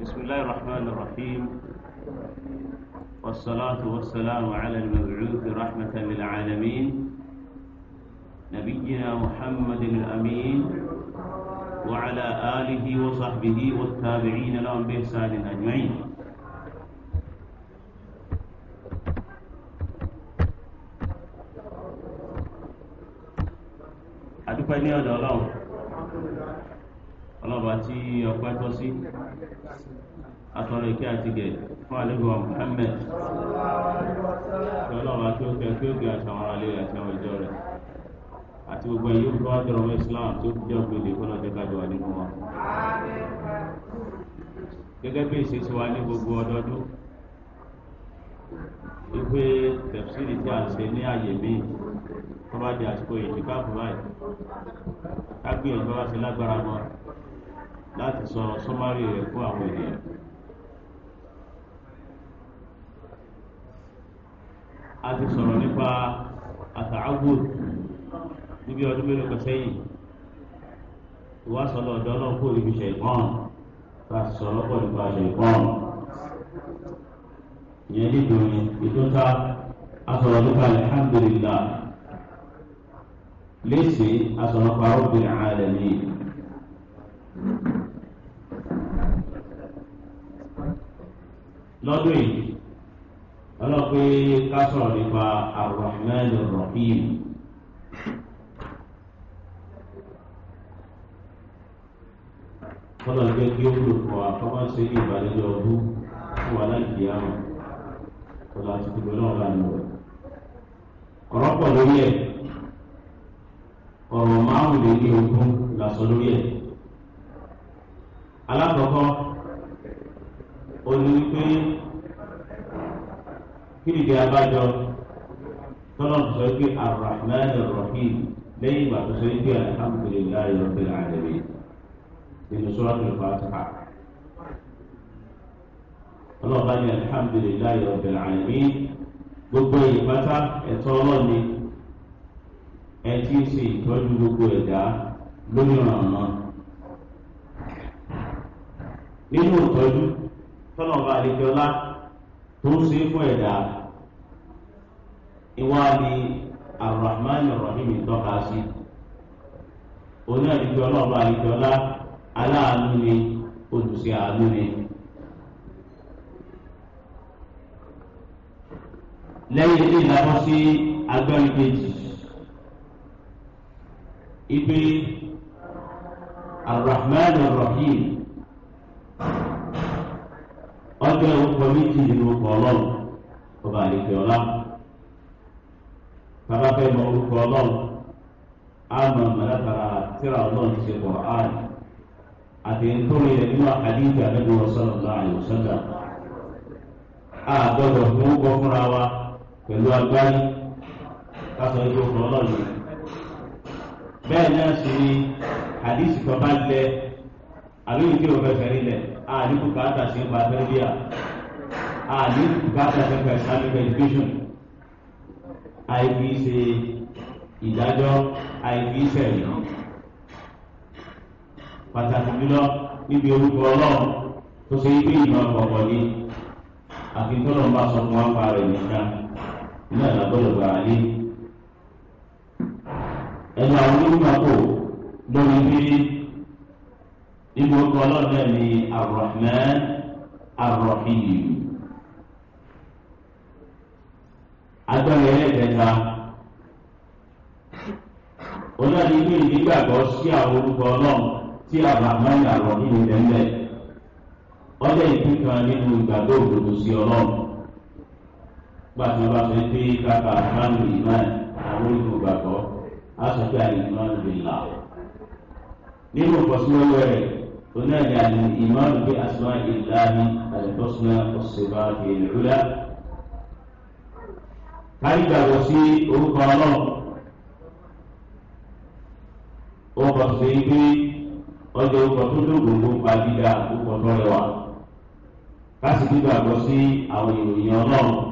بسم الله الرحمن الرحيم والصلاة والسلام على المبعوث رحمة للعالمين نبينا محمد الأمين وعلى آله وصحبه والتابعين لهم بإحسان أجمعين ní ọ̀dọ̀ ọlọ́run ọlọ́ba tí ọpẹ́ tọ́ sí atọ́rọ ike àti gẹ̀ fún àlejò Muhammad tí ọlọ́ba tí ó kẹ́ kí ó ati àtàwọn ará àti àwọn ìjọ rẹ̀ àti gbogbo ẹ̀yìn yóò fi wá ọmọ Islam tó jẹ́ wípé tẹ̀síìrì tí a ń ní àyè míì tó bá di àsìkò ìdíkàbù báyìí kágbìyànjú bá ṣe lágbára mọ́ láti sọ ya. rẹ̀ fún àwọn ènìyàn. a ti sọ̀rọ̀ nípa àtàwùd níbi ọdún mélòó kan sẹ́yìn ọ̀dọ́ náà kó ibi ṣe ìgbọ́n sọ̀rọ̀ pọ̀ nípa ìyẹn níbi orin ètò ká asọ̀rọ̀ nípa alihamdulilá léṣe asọ̀rọ̀ pa rabbil alamin. lọ́dún yìí ọlọ́pẹ́ ká sọ̀rọ̀ nípa Ar-Rahman Ar-Rahim. kọ́nà jẹ́ kí ó lò fún wa kọ́mọ́sí ìbàlẹ́jọ́ ọdún fún wa láti yá wọn tó bá ti dìbò náà bá lò rẹ̀. ọ̀rọ̀ pọ̀ lórí ẹ̀ ọ̀rọ̀ márùnléní ogún làsọ lórí ẹ̀. alákọ̀ọ́kọ́ ó ní pé kí nìdí abájọ tọ́lọ̀ sọ pé Ar-Rahman Ar-Rahim lẹ́yìn ìgbà tó sọ pé alhamdulillahi rabbil alamin nínú Suratul Fatiha. ọlọ́ọ̀bá ní alihamdulilayi rabbil alamin gbogbo ìpátá ẹ̀tọ́ ọlọ́ọ̀ni ẹ ń ṣe ìtọ́jú gbogbo ẹ̀dá lórí ọ̀nà nínú ìtọ́jú tọ́lọ̀bá àdéjọ́lá tó ń ṣe fún ẹ̀dá ìwádìí tọ́ka sí oní aláàánú ni lẹ́yìn ilé ìlànà sí agbẹ́rin kejì ibi arahman rahim ọjọ́ orúkọ méjì nínú orúkọ ọlọ́run ọba àlejò ọlá bàbá fẹ́ mọ orúkọ ọlọ́run àmọ́ mọ̀lẹ́tara tíra ọlọ́run ṣe kọ̀ áàlì àti nítorí rẹ̀ nínú àdìgbà nínú ọ̀sán ọ̀la àyọ̀sán dà. fún gbọ́ fúnra wa pẹ̀lú agbárí kásọ ìjọ ọkùnrin ọlọ́run bẹ́ẹ̀ náà sì ni àdìsí kan bá lẹ àbí ìdí òun fẹsẹ̀ nílẹ̀ àdìkù káàtà sí ìgbà tẹ́lẹ̀díà àdìkù káàtà sí ìgbà islamic education àìbí ṣe ìdájọ́ àìbí ṣẹ̀yìn pàtàkì jùlọ níbi orúkọ ọlọ́run tó ṣe ibi ìmọ̀ ọ̀pọ̀ ní àfi tó lọ́n bá sọ fún wa pa rẹ̀ nìkan. na ìlàgbọ́dọ̀ gbàrà lé ọ àwọn onímọ̀tò lórí bí ibo ọkọ ọlọ́dẹ ni Ar-Rahman Ar-Rahim agbára ẹlẹ́gbẹ̀ta onáni ní ìdígbàgbọ́ sí àwọn orúkọ ọlọ́run tí Ar-Rahman Ar-Rahim kan si gbàgbé wa fẹ́ pé bàbá àmàlù ìmáà àwọn ìlú gbàgbọ́ aṣojú àìmáàlù ìlà. nínú ìfọ̀síwọ́wọ́ rẹ̀ oní ẹ̀dá ni ìmáàlù bí aṣọ ìlà ní àlùfọ́sùnà ọ̀ṣẹ̀bá ìlúlá. káyí gbàgbọ́ sí orúkọ ọlọ́run ó kọ sí pé ọjọ́ orúkọ tó dógò ló pa dídá orúkọ tó rẹwà. ká sì sí àwọn ìròyìn ọlọ́run.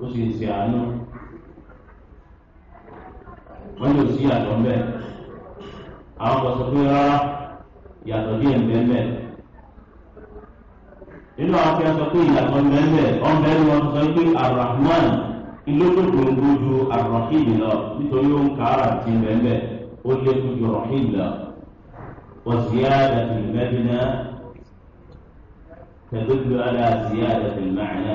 ó sì ṣe àánú wọ́n yóò sí àjọ mbẹ́ àwọn kan sọ pé rárá ìyàtọ̀ díẹ̀ mbẹ́mbẹ́ nínú àwọn akẹ́kọ̀ọ́ sọ pé ìyàtọ̀ mbẹ́mbẹ́ ọ̀mbẹ́ ni wọ́n sọ pé arahman ìlókè gbòǹgbòdò arahim lọ nítorí ó ń ka ara ti mbẹ́mbẹ́ ó lé kújọ rahim lọ وزيادة المبنى تدل على زيادة المعنى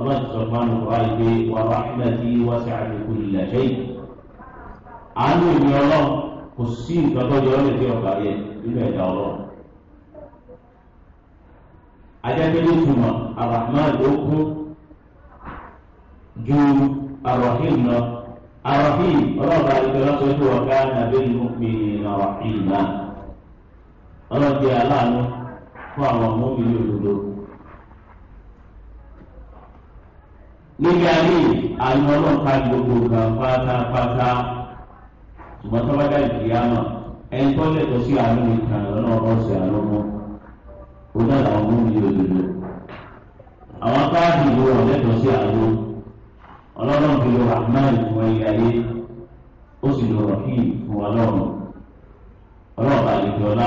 ọlọ́run sọ fún àwọn ọ̀rọ̀ àìpé wà rahmatī wasi'at kulla shay. àánú ìní ọlọ́run kò sí nǹkan tó yọ ọ́ lè fi ọ̀gá yẹ nínú ẹ̀dá ọlọ́run. ajẹ́pẹ́lẹ́ ìtumọ̀ ti aláàánú fún àwọn ọmọ mi ní òdodo. níbi ayé àánú ọlọ́ọ̀ká gbogbo gan pátápátá ṣùgbọ́n sábàdà ìkìyàmà ẹni tó lẹ́tọ̀ọ́ sí àánú nìkan lọ́nà ọ̀sẹ̀ àlọ́mọ́ oná làwọn mú mi àwọn káàdì ìlú wọn sí àánú ọlọ́run fi lọ fún ayé ó sì lọ fún ọlọ́run àlejò ọlá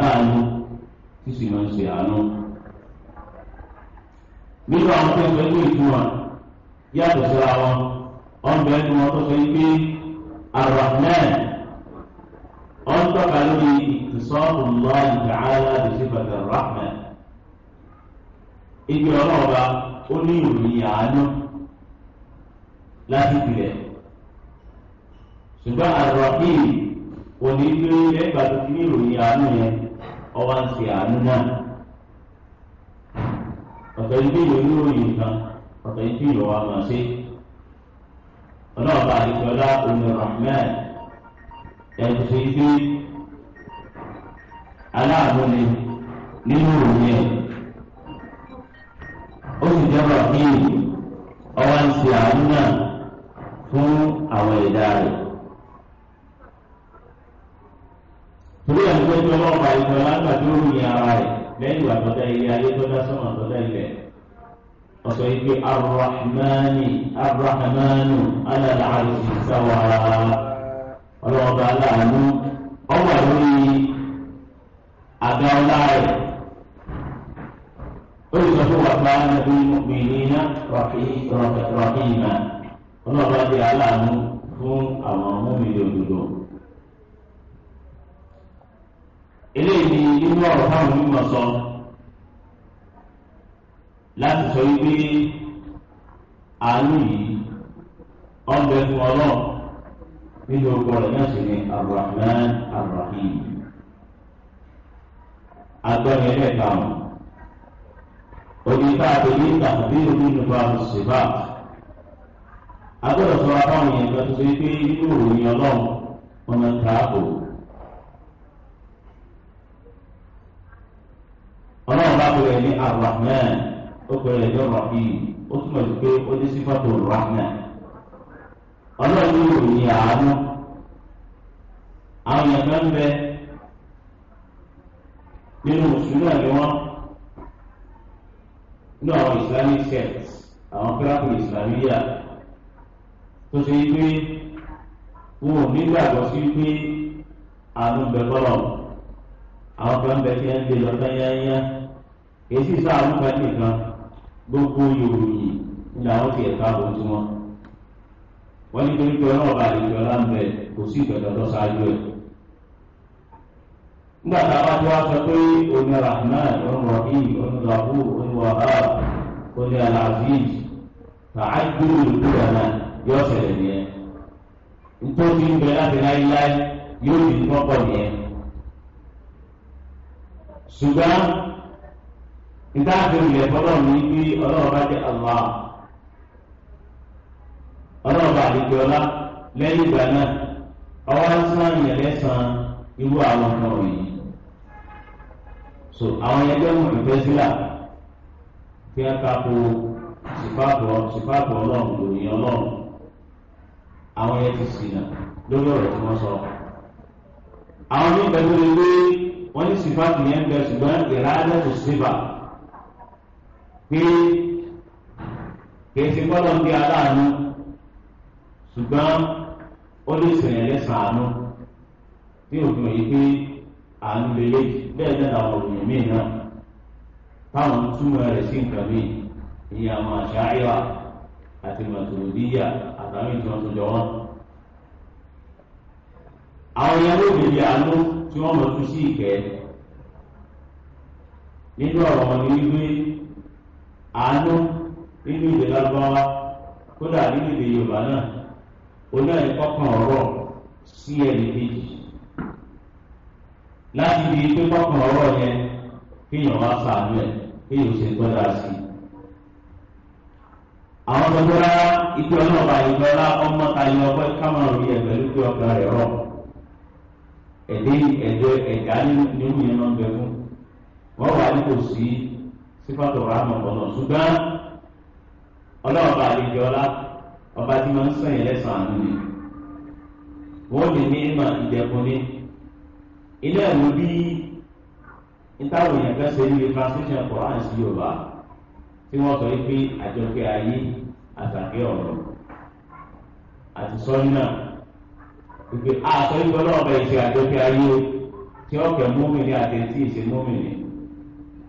máa ń nínú àwọn tó ń bẹ ní ìlú wọn yàtọ̀ síra wọn wọn bẹ ní wọn tó sọ pé arahman wọn tọ́ka lórí ìsọ́ọ̀bù lọ́ọ̀lì tààlà lè ṣe bàtà rahman ibi ọlọ́ọ̀ba ó ní ìròyìn àánú láti tilẹ̀ ṣùgbọ́n arahim òní ló ń lẹ́gbàá tó ti ní ìròyìn àánú yẹn ọba ń ṣe àánú náà ọ̀tọ̀ ibi ìlú ìròyìn kan ọ̀tọ̀ ibi ìlú wa mọ̀ sí. ọlọ́ọ̀bà àdìsọ́lá omi rahman ẹ̀kú sí ibi aláàbò ni nínú ìròyìn ẹ̀. ó sì jẹ́ rahim ọwọ́ ń ṣe àánú náà fún àwọn ẹ̀dá rẹ̀. torí ẹ̀ ń gbẹ́jọ́ gbàdúrà ní ara rẹ̀ lẹ́yìn ìwà tọ́jà ilé ayé tọ́jà sọ́mà tọ́jà ilẹ̀ ọ̀sọ̀ igi arahmani arahamanu alalaari sawa ọlọ́ọ̀bá aláàánú ọwọ́ lórí àga ọlá rẹ̀ olùsọ fún wa bá nàbí mìíràn rọ̀kìmà ọlọ́ọ̀bá di aláàánú fún àwọn mọ́mìlì òdodo. nínú ọ̀rọ̀ táwọn onímọ̀ sọ láti sọ wípé àánú yìí ọbẹ̀ fún ọlọ́run nínú ọgbọ́n rẹ̀ náà sì ni Ar-Rahman Ar-Rahim agbọ́n yẹn lẹ́ka wọn onígbà àbẹ̀lẹ̀ ìtàkùnbí omi nípa ṣèbá agbọ́dọ̀ sọ apá wọn yẹn lọ́tọ́ pé nínú ìròyìn ọlọ́run wọn máa àbò. fáàlù rẹ̀ ní arahman ó pè rẹ̀ ní rafi ó túmọ̀ sí pé ó ni sífàtò rahman ọlọ́run yóò ní àánú àwọn èèyàn kan bẹ nínú mùsùlùmí àti wọn nínú àwọn islamic sects àwọn kíláàpù islamiyà tó ṣe é pé wọn ò nígbàgbọ́ sí pé àánú bẹ bọ́lọ̀ àwọn kan bẹ kí ẹ ń gbé lọ tán yáyá. èsì sáàánú bá nìkan gbogbo yorùbá làwọn fi ẹ̀ka bò wọ́n ní torí pé ọlọ́ọ̀bà àlejò ọlámbẹ kò sí ìgbẹ̀dọ̀ tó ṣáájú ẹ̀. nígbà tá a bá tó wá sọ pé omi rahman ọ̀nà rahim ọ̀nà rahu ọ̀nà wahab ọ̀nà alaziz tàájú olùkúrò náà nìyẹn. nítorí ń bẹ láti yóò nìyẹn. ṣùgbọ́n ìdáàbò ilẹ̀ fọlọ́ ní bí ọlọ́run bá jẹ́ Allah ọlọ́run bá àdéjọ ọlá lẹ́yìn ìgbà náà ọwọ́ sàn yẹn lẹ́sàn irú àwọn ọmọ yìí so àwọn yẹn jẹ́ wọn ìfẹ́ sílà kí wọ́n kápò sípàpọ̀ sípàpọ̀ ọlọ́run lòyìn ọlọ́run àwọn yẹn ti ṣìnà lórí ọ̀rọ̀ tí wọ́n sọ àwọn mí bẹ́ẹ̀ tó wọ́n ní sípàpọ̀ yẹn bẹ́ẹ̀ ṣùgbọ́n ìrádẹ́ pé kìí ṣe gbọ́dọ̀ ń bí aláàánú ṣùgbọ́n ó lè sèyàn lẹ́sàn àánú a òfin yìí pé àánú lélẹ̀ bẹ́ẹ̀ náà làwọn òyìn míì náà táwọn ń túmọ̀ rẹ̀ sí nǹkan míì ìyẹn àánú nínú ìdè lágbáwá kódà nínú ìdè yorùbá náà oná ìkọkàn ọ̀rọ̀ sí ẹnì kejì láti di pé ọ̀rọ̀ yẹn kéèyàn wá sàánú ẹ kéèyàn ṣe sí i. àwọn rárá ikú ọmọ tayọ ọgbẹ́ pẹ̀lú pé ọgbà rẹ̀ ẹ̀dẹ́ ẹ̀dẹ́ ẹ̀dá nínú yẹn náà sífàtò rahman ọ̀nà ṣùgbọ́n ọlọ́ọ̀bà àlejò ọlá ọba tí wọ́n ń sọ yẹn lẹ́sàn-án àánú ni wọ́n lè ní ìmọ̀ ìjẹ̀kùn ní ilé ẹ̀wọ̀n bí nítawọn èèyàn fẹ́ ṣe níbi translation Quran sí Yorùbá tí wọ́n sọ pé àjọpẹ́ ayé àtàkẹ́ ọ̀rọ̀ àti sọ́yìn náà wípé àtọ́ ìgbọ́lọ́ọ̀bà ìṣe àjọpẹ́ ayé tí ọ̀kẹ́ mọ́mìnì àti etí ìṣe mọ́mìnì.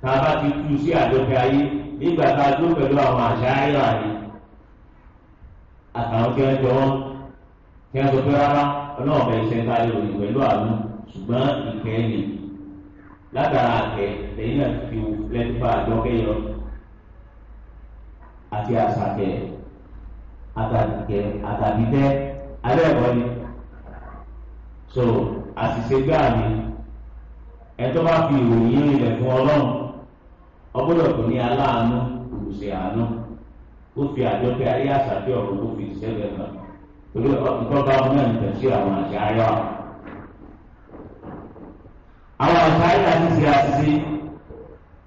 tá a bá ti tú sí àjọpẹ́ ayé nígbà tá a dúró pẹ̀lú àwọn àṣà ayọ̀ àyè àtàwọn kí wọ́n jọ wọ́n kí wọ́n sọ pé rárá ọlọ́run bẹ̀rẹ̀ iṣẹ́ ta lè ròyìn pẹ̀lú àánú ṣùgbọ́n ìkẹ́ ni látara àkẹ́ lẹ́yìn náà fi lẹ́tífà àjọkẹ́ yọ àti àṣàkẹ́ àtàkẹ́ àtàbíkẹ́ alẹ́ ẹ̀kọ́ ni so àṣìṣe gbáà ni ẹ tó bá fi ìròyìn rẹ̀ fún ọlọ́run. ọgbọ́dọ̀ tó ní aláàánú olùsè àánú ó anụ àjọpẹ́ ayé àṣàbí asatọ tó fi ìṣẹ́lẹ̀ kan torí ìtọ́ba ọmọ ẹ̀ sí àwọn àṣà ayé wa. àwọn àṣà ayé àti ṣe àṣìṣe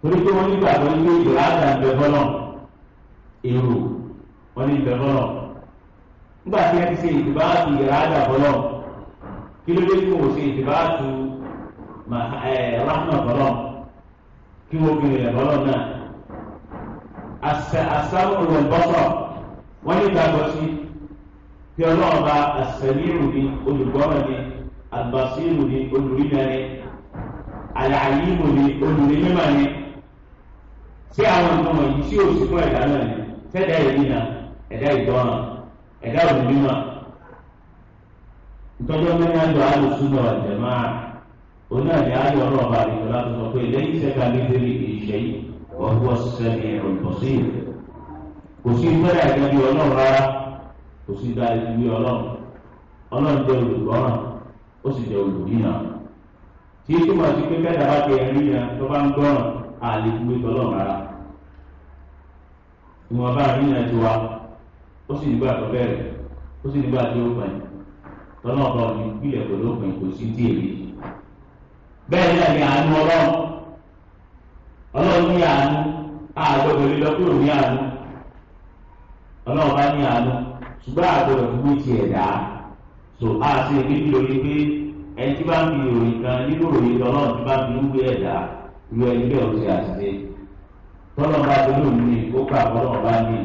torí pé wọ́n nígbà tó ń gbé ìrọ̀ àgbà ń bẹ bọ́lọ̀ èrò wọ́n ní bẹ kí wọ́n gbé rẹ̀ lọ́lọ́ náà àṣẹ àṣàrò rẹ̀ bọ́sọ̀ wọ́n ní ìgbàgbọ́ sí kí ọlọ́ọ̀ba àṣẹlérò ní olùgbọ́rọ̀ ní àgbàṣírò ní olùrímẹ́rin àlàyémò ní olùrímẹ́mà ní sí àwọn nǹkan wọ̀nyí tí ò sí fún ẹ̀dá náà ní fẹ́ẹ̀dá ìrìnà ẹ̀dá ìgbọ́ràn ẹ̀dá olùrímà ìtọ́jú ọmọ náà lọ àlùsùn náà jẹ̀ قلنا لآل الله عليه الصلاة والسلام ليس كمثله شيء وهو السميع البصير وسيم بلا كان يولون رارا وسيم بلا كان يولون ọlọ́run jẹ́ olùgbọ́ràn ó sì jẹ́ olùdínà tí túmọ̀ sí pé bẹ́ẹ̀ dábàá pé ẹni yẹn tó bá ń gbọ́ràn àlékúgbé tọ́lọ́run rárá ìwọ̀n bá rí yẹn ti wá ó sì nígbà bẹ́ẹ̀ náà ni àánú ọlọ́run ọlọ́run ní àánú àgbọ̀dọ̀ lílọ kúrò ní àánú ọlọ́run bá ní àánú ṣùgbọ́n àgbọ̀dọ̀ fún mi tiẹ̀ so a ṣe ìbí lórí pé ẹni tí bá ń fi ìròyìn kan nínú ìròyìn ọlọ́run tí bá ń fi ń wé ẹ̀dá ìwé ẹni bẹ́ẹ̀ ó ṣe àṣìṣe tọ́lọ́ bá dúró ní ìkókò àbọ̀lọ́ bá ní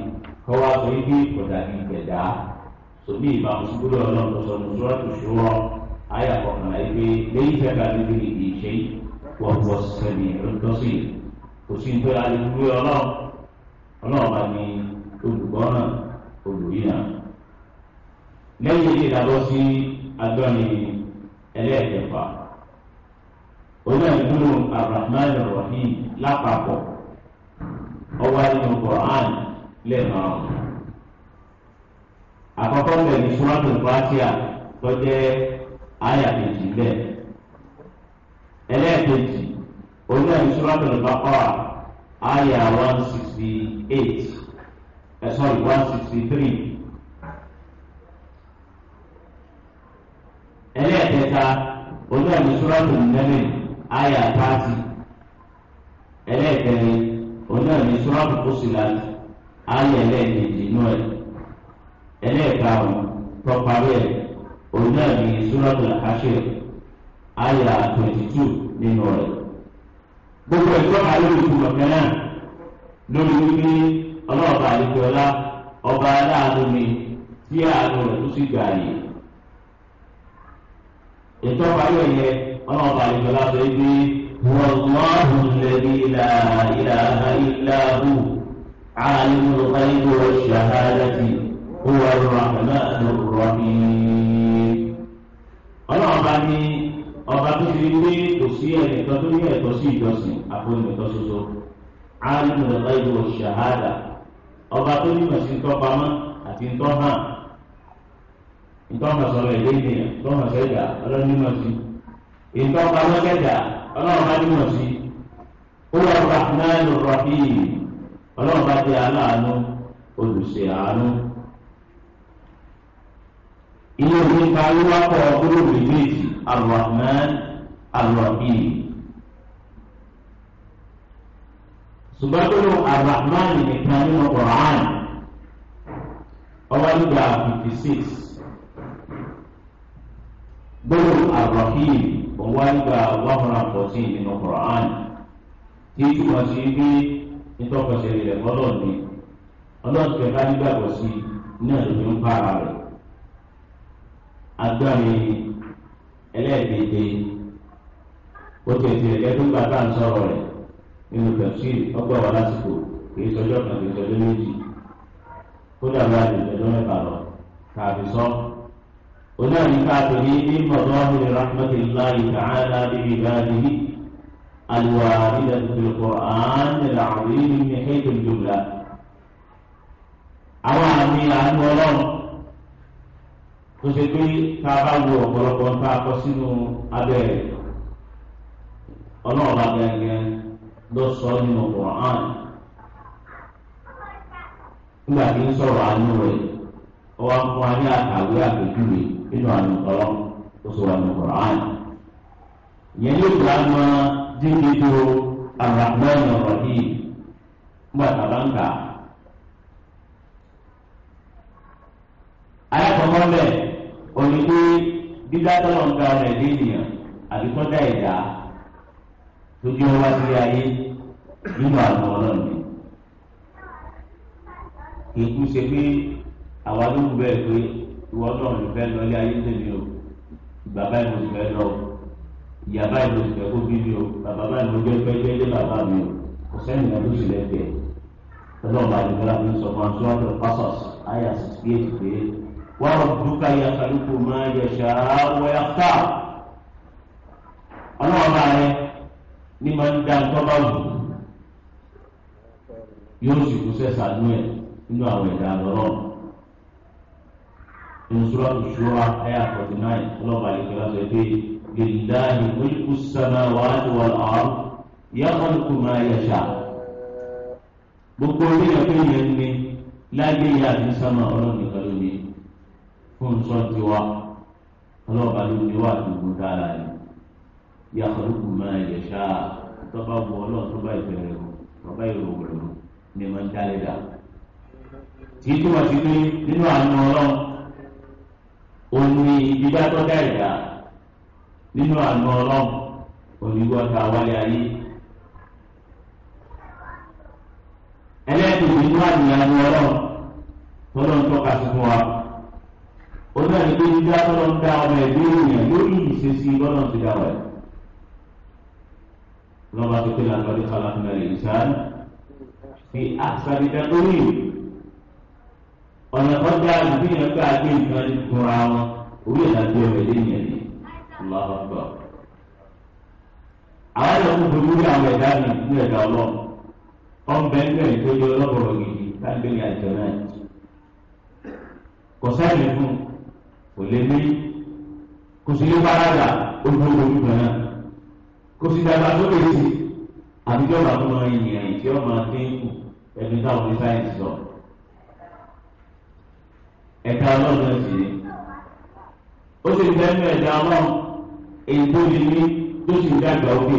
kọ́ wá sọ ibi ìkọ̀dà ní ìgbẹ̀dá sòmí ìbámu sí gbọ́dọ̀ ọlọ́run tó sọ ayé àkọ́kànlá yìí pé lẹ́yìn fẹ́ ká níbi ìdí ìṣe wọ́n wọ́ sẹ́mi lọ́sí kò sí pé alùpùpù ọlọ́run ọlọ́run bá ní olùkọ́ náà olùyí náà. lẹ́yìn èyí ìdàgbọ́ sí agbọ́ni ẹlẹ́ẹ̀kẹfà Qur'an suratul Fatiha aya kejì bẹ́ẹ̀ ẹlẹ́ẹ̀kejì oní àbísúrátọ̀ Baqara àyà one sixty eight ẹ̀ eh, one sixty three. ẹlẹ́ẹ̀kẹta oní àbísúrátọ̀ nẹ́mẹ̀ àyà thirty ẹlẹ́ẹ̀kẹrin oní àbísúrátọ̀ Fussilat àyà ẹlẹ́ẹ̀kejì nù tọ́parí ẹ̀. òun náà ní suratul Hashr àyà twenty two nínú rẹ̀ gbogbo ẹ̀tọ́ àlórí ìtumọ̀ kan náà lórí wípé ọlọ́ọ̀bà àdìgbọ́lá ọba aláàánú mi tí àánú rẹ̀ tó sì gbà yìí ètò ayé yẹ ọlọ́ọ̀bà àdìgbọ́lá sọ wípé wàlláhu lẹ́bí ilà ìlànà ìlàhù àlùmọ̀ ọ̀gá ó wà lọ́wọ́ àmàlà lọ́wọ́ rọ́mìn. ọlọ́run bá ní ọba tó ti rí kò sí ẹnìkan tó ní ẹ̀tọ́ sí ìjọsìn àfọlùmẹ̀tọ́ soso alùpùpù ìlú ṣàhádà ọba tó ní mọ̀ sí ntọ́pamọ́ àti ntọ́hàn ntọ́hàn sọ̀rọ̀ èdè ènìyàn ntọ́hàn sẹ́jà ọlọ́run ní mọ̀ sí ọlọ́run bá ní mọ̀ sí owó ọlọ́run bá àánú. ilé onípa wíwákọ̀ gbólóhùn méjì Ar-Rahman Ar-Rahim. ṣùgbọ́n gbólóhùn Ar-Rahman nìkan nínú Quran ọba nígbà fifty six gbólóhùn Ar-Rahim ọba nígbà one hundred and fourteen nínú Quran tí túmọ̀ sí bí nítòkọ̀ṣẹ́ rẹ̀ fọlọ́ọ̀ni ọlọ́ọ̀tì ẹ̀ka nígbàgbọ́ sí náà ló ń para rẹ̀ agbámi ẹlẹ́ẹ̀kẹ́jẹ ó tẹ̀sí ẹ̀kẹ́ tó gbà bá ń sọ̀rọ̀ rẹ̀ nínú tẹ̀síìlì ọgbà wà lásìkò kìí sọjọ́ kan kìí sọjọ́ méjì ó dàbí àjèjì ọjọ́ mẹ́ta lọ káàbí sọ. onáàbí káàbí ní mímọ̀tọ́ ọ̀hún rahmatu ilayi ta'ala bíbí ìbáraẹni alwaridatu fil qur'an al-azim min haythu al-jumla àwọn àmì àánú ọlọ́run tó ṣe pé tá a bá wo ọ̀pọ̀lọpọ̀ tá a kọ sínú abẹ́ rẹ̀ ọlọ́ọ̀bá gẹ́gẹ́ ló sọ nínú Qur'an nígbà tí ń sọ̀rọ̀ àánú rẹ̀ ọwọ́ fún wa ní àkàwé àpèjúwe nínú àánú kọ́lọ́ ó sọ àánú Qur'an ìyẹn yóò gbà máa dídí tó Ar-Rahman ar nígbà tá a bá ń kà á. ayé kọ́kọ́ bẹ́ẹ̀ òní pé dídá tọ́lọ̀ ń ga rẹ̀ léèyàn àbí kọ́ dá ẹ̀dá tó jẹ́ wá sí ayé nínú àgbọ̀ ọlọ́run ni. Èkú ṣe pé àwa ló ń bẹ́ẹ̀ pé ìwọ náà ló fẹ́ lọ ilé ayé tèmi o bàbá ìlú ti fẹ́ lọ o ìyá báyìí ló ti fẹ́ kó bí mi o bàbá báyìí ló jẹ́ fẹ́ jẹ́jẹ́ bàbá mi o kò sẹ́yìn náà ló sì lẹ́gbẹ̀ẹ́ ọlọ́run bá ti fẹ́ láti sọ fún asúwájú pásọ̀s àyà sixty eight pé. وربك يخلق ما يشاء ويختار ọlọ́wọ́ bá rẹ ní máa ń da na wù yóò sì kú sẹ́sàánú ẹ̀ nínú àwọn ẹ̀dá lọ́rọ́ nusura usura aya forty nine ọlọ́ba yìí kẹ́lá sọ pé lillahi mulku samawati wal ard yakhluqu ma yasha gbogbo orí ẹ̀fẹ́ ní láyé yá àti sámà ọlọ́ọ̀nì kan lónìí. fún sọ́ọ̀tì wa ọlọ́ọ̀bá ló ní wà lóko dára yìí yàtọ̀lùkù máa yẹ ṣáà tọ́ba bu ọlọ́ọ̀ tọ́ba ìbẹ̀rẹ̀ o tọ́ba ìròwò rẹ̀ o ní ma ń dálé dà. tí tó wà sí pé nínú àánú ọlọ́ọ̀ òní dídátọ́ dá ìdá nínú àánú ọlọ́ọ̀ òní wọ́ta wáyé ayé. ẹlẹ́dùn nínú àánú ọlọ́ọ̀ tọ́lọ́ tọ́ka sí fún wa. onímọ̀ ní tidak dídá tọ́lọ́ ń dá ọmọ ẹ̀dẹ́ ènìyàn lórí ìṣesí bọ́lá ti dá wẹ̀. lọ́ba tó kéde àgbàdo kàlàkùnà lè sáré fi àṣàbí dẹ́kórì ọ̀nà ọjà àdúgbò yẹn gbà gbé nǹkan ìfura wọn orí ìdájọ́ ọmọ ẹ̀dẹ́ ènìyàn ni lọ́wọ́ gbọ́. àwọn ìlànà ìbòjú rí àwọn ẹ̀dá mi ní ẹ̀dá ọlọ́ ọ̀nbẹ́ńgbẹ̀ kò lè ní kò sí lé bàràdà ojú ojú kan náà kò sí dàgbà tó lè sí àbíjọba tó máa yin ìrìn tí ó máa dínkù ẹni táwọn ní sáyẹ̀nsì sọ ẹ̀ka ọlọ́run náà sì ní ó sì ń dẹ́nu ẹ̀dá ọlọ́run èyí tó lè ní tó sì ń dàgbà òkè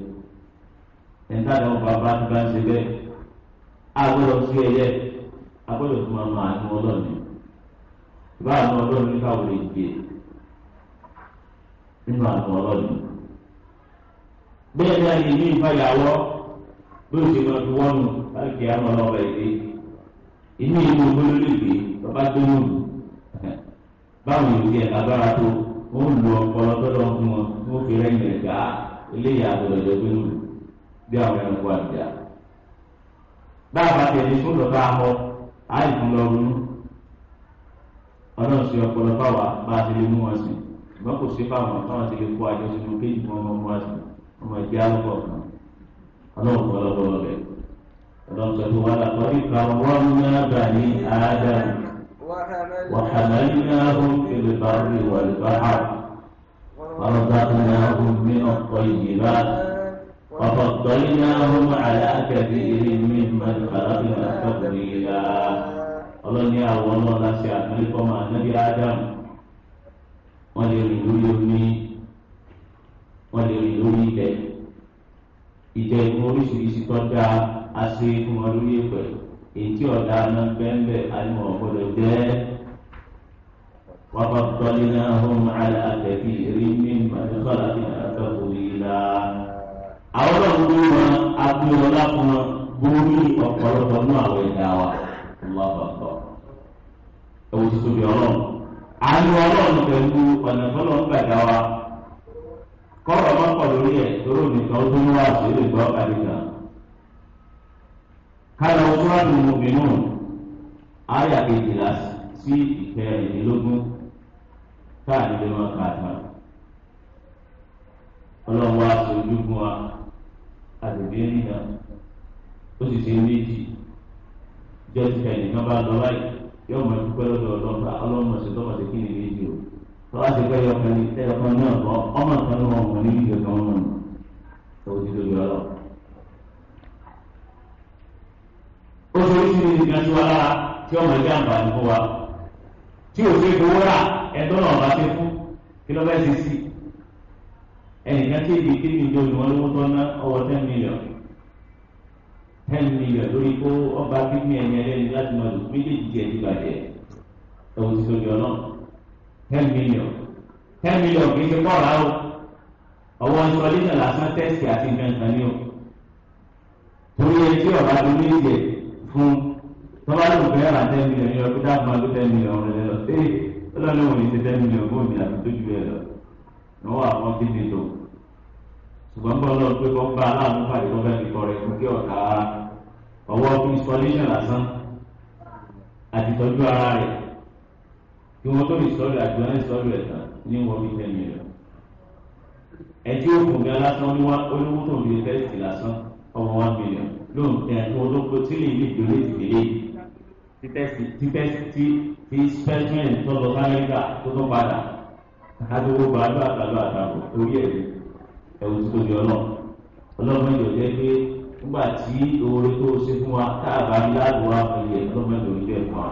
ẹ̀ńtà lẹ́wọ̀n pàápàá ti bá ń ṣe bẹ́ẹ̀ agbọ́dọ̀ sí ẹyẹ agbọ́dọ̀ tó a máa ní ọlọ́ọ̀ni ìbá àwọn ọlọ́ọ̀ni káwọn lè gbé nínú àwọn ọlọ́ọ̀ni bẹ́ẹ̀ náà ni ní ìfàyàwọ́ bí o fi tó tó fi bí àwọn ẹranko àjà bá a bá tẹ̀lé fún lọ́dọ̀ akọ àyè fún lọ ronú sí ọpọlọ fáwa bá a ti lè mú wọn sí ṣùgbọ́n kò sí fáwọn táwọn وفضلناهم على كثير ممن خلقنا تفضيلا ọlọ́ni àwọn ọlọ́la ṣe àtúnlẹ̀ fọ́mọ anábì Adam wọ́n lè rìn lórí omi wọ́n lè rìn lórí ilẹ̀ ìjẹ́ ìfún oríṣiríṣi tó dá aṣọ ikú wọn lórí ẹ̀pẹ̀ èyí ọ̀dà náà bẹ́ẹ̀ àìmọ̀ ọ̀gbọ́dọ̀ jẹ́ wàá bá tọ́lé náà hó máa àtẹ̀bí rí mímọ́ ẹ̀kọ́ láti náà gbogbo wọn agbóhùn ọlápọ̀ wọn borí ọ̀pọ̀lọpọ̀ ní àwọn ẹ̀dá wa lọ́pọ̀lọpọ̀. ewu tuntun bí ọlọ́run àánú ọlọ́run pẹ̀lú ọ̀nà tọ́lọ́ ń gbàgbá wa kọ́rọ̀ máa ń pọ̀ lórí ẹ̀ lórí nìkan ó tún wá sí ilé ìgbọ́ kàdé kan. kálọ̀ ó tún wá ní mòmínú àyà kejìlá sí ìfẹ́ ìdílógún káàdì lè máa kà ọlọ́run wá sí ojú fún wa àdòdì ẹ̀yìnà ó sì ṣe méjì jẹ́ ti fẹ̀yìn kan bá lọ láì yóò máa dúpẹ́ lọ́dọ̀ ọlọ́pàá ọlọ́mọ ṣe tọ́mọ ṣe kí ni méjì o tọ́wá ti fẹ́ yọ kan ní ẹ̀yọ kan náà kọ́ ọmọ kan ní wọn kàn ní ìjọ kan wọn nù ó ti lórí ọlọ́ ó ṣe oríṣi ní ìgbà tí wọ́n lára tí ọmọ ẹgbẹ́ àǹfààní fún wa tí ò ṣe é rà ẹ̀dọ́ náà ṣe fún kí lọ́ bẹ́ẹ̀ ṣe sí i ẹnìkan tí ibi three million ni wọ́n lówó tọ́ ná ọwọ́ ten million ten million lórí kó ọba kíkún ẹ̀yìn ẹlẹ́ni láti máa lò méjèèjì jẹ́ ti bàjẹ́ ẹ̀wọ̀n ti sọ̀jọ́ náà ten million ten million kì í ṣe pọ̀ rárá o ọwọ́ ní ọdún náà lásán tẹ́sì àti nǹkan kan ní o torí ẹ tí ọba tó ní ìjẹ fún tọ́ba ló ń fẹ́ ra ten million ní ọdún dáàbò máa ló ten million rẹ lọ sí ọlọ́run ò ní ṣe ten million fún mi àti tó ju bẹ́ẹ̀ lọ wọn ti dìtò ṣùgbọ́n bọ́ọ̀ lọ pé bọ́ọ̀ bá aláàánú pàdé tó fẹ́ fi kọrin fún kí ọ̀tá ọwọ́ fún installation lásán àtìtọ́jú ara rẹ̀ kí wọ́n tó ìsọ̀rọ̀ àjọ ìsọ̀rọ̀ ẹ̀ta ní wọ́n fi tẹ̀ mí lọ. ẹtí òkun gan lásán olówó tó ń fi tẹ́sítì lásán ọmọ wa mílíọ̀n lóun tẹ ẹ̀kọ́ olóko tí lè ní ìgbélé ìgbélé títẹ́sítì tí tí spẹ́ṣmẹ̀ntì tó lọ sáyẹ́ńgà tó tó padà. adúgbò bàálù àtàlù àtàbò orí ẹ̀ ẹ̀wù tó tóbi ọ̀nà ọlọ́run jẹ́ pé nígbà tí tó ṣe fún wa káàbá láàbò wa jẹ́ fún wa.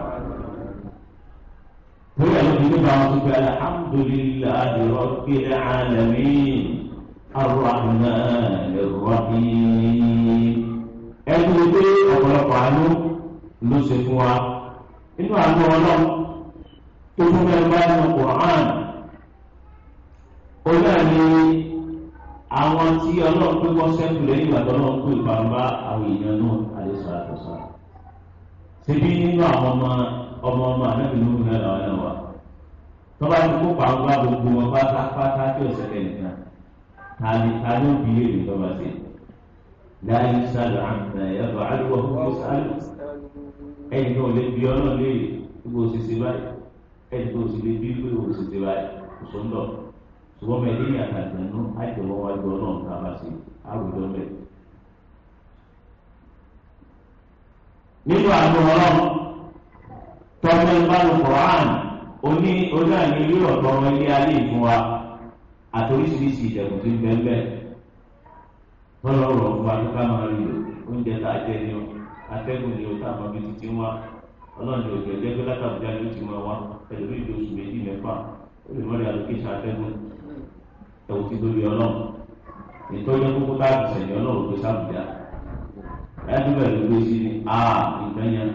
àwọn ìdílé bá wọn tún pé alhamdulillahi rabbil alamin arrahmanir rahim. Ẹni wo pé ọ̀pọ̀lọpọ̀ àánú ló ṣe fún wa. Inú àánú ọlọ́run tó fún ó náà ní àwọn tí ọlọ́run pé wọ́n sẹ́kù lẹ́yìn ìgbà tó ọlọ́run ìbámbá àwọn èèyàn náà àdéṣà àtọ̀sà nínú àwọn ọmọ ọmọ ọmọ làwọn náà wà tọ́ba ti kó gbogbo wọn tí ò sẹ́kẹ̀ nìkan tani tani ó bí èrè tọ́ba sí láyé sálọ àǹtà àdúgbò sálọ ẹ̀yìn náà lè bí ọlọ́run òṣìṣẹ́ báyìí ẹ̀yìn ṣùgbọ́n mi ẹ̀dínlẹ̀ àtàgbẹ̀nú àìsàn wọn wájú ọlọ́run tá a bá ṣe àwùjọ bẹ́ẹ̀. nínú àgbo tọ́jú ìbánu Quran oní onáàní ilé ọ̀tọ̀ ọmọ ilé ìfún wa ìdẹ̀kùn ń bẹ́ẹ̀ bẹ́ẹ̀ ọ̀rọ̀ máa rí o oúnjẹ tá a jẹ ni o atẹ́gùn ni o tá a bí ẹ̀wù ti dórí ọlọ́run ètò ọjọ́ kókó tá a ti sẹ̀yìn ọlọ́run tó sábùjá ẹ̀dúgbẹ̀ ló gbé sí ni a ìgbẹ́ yẹn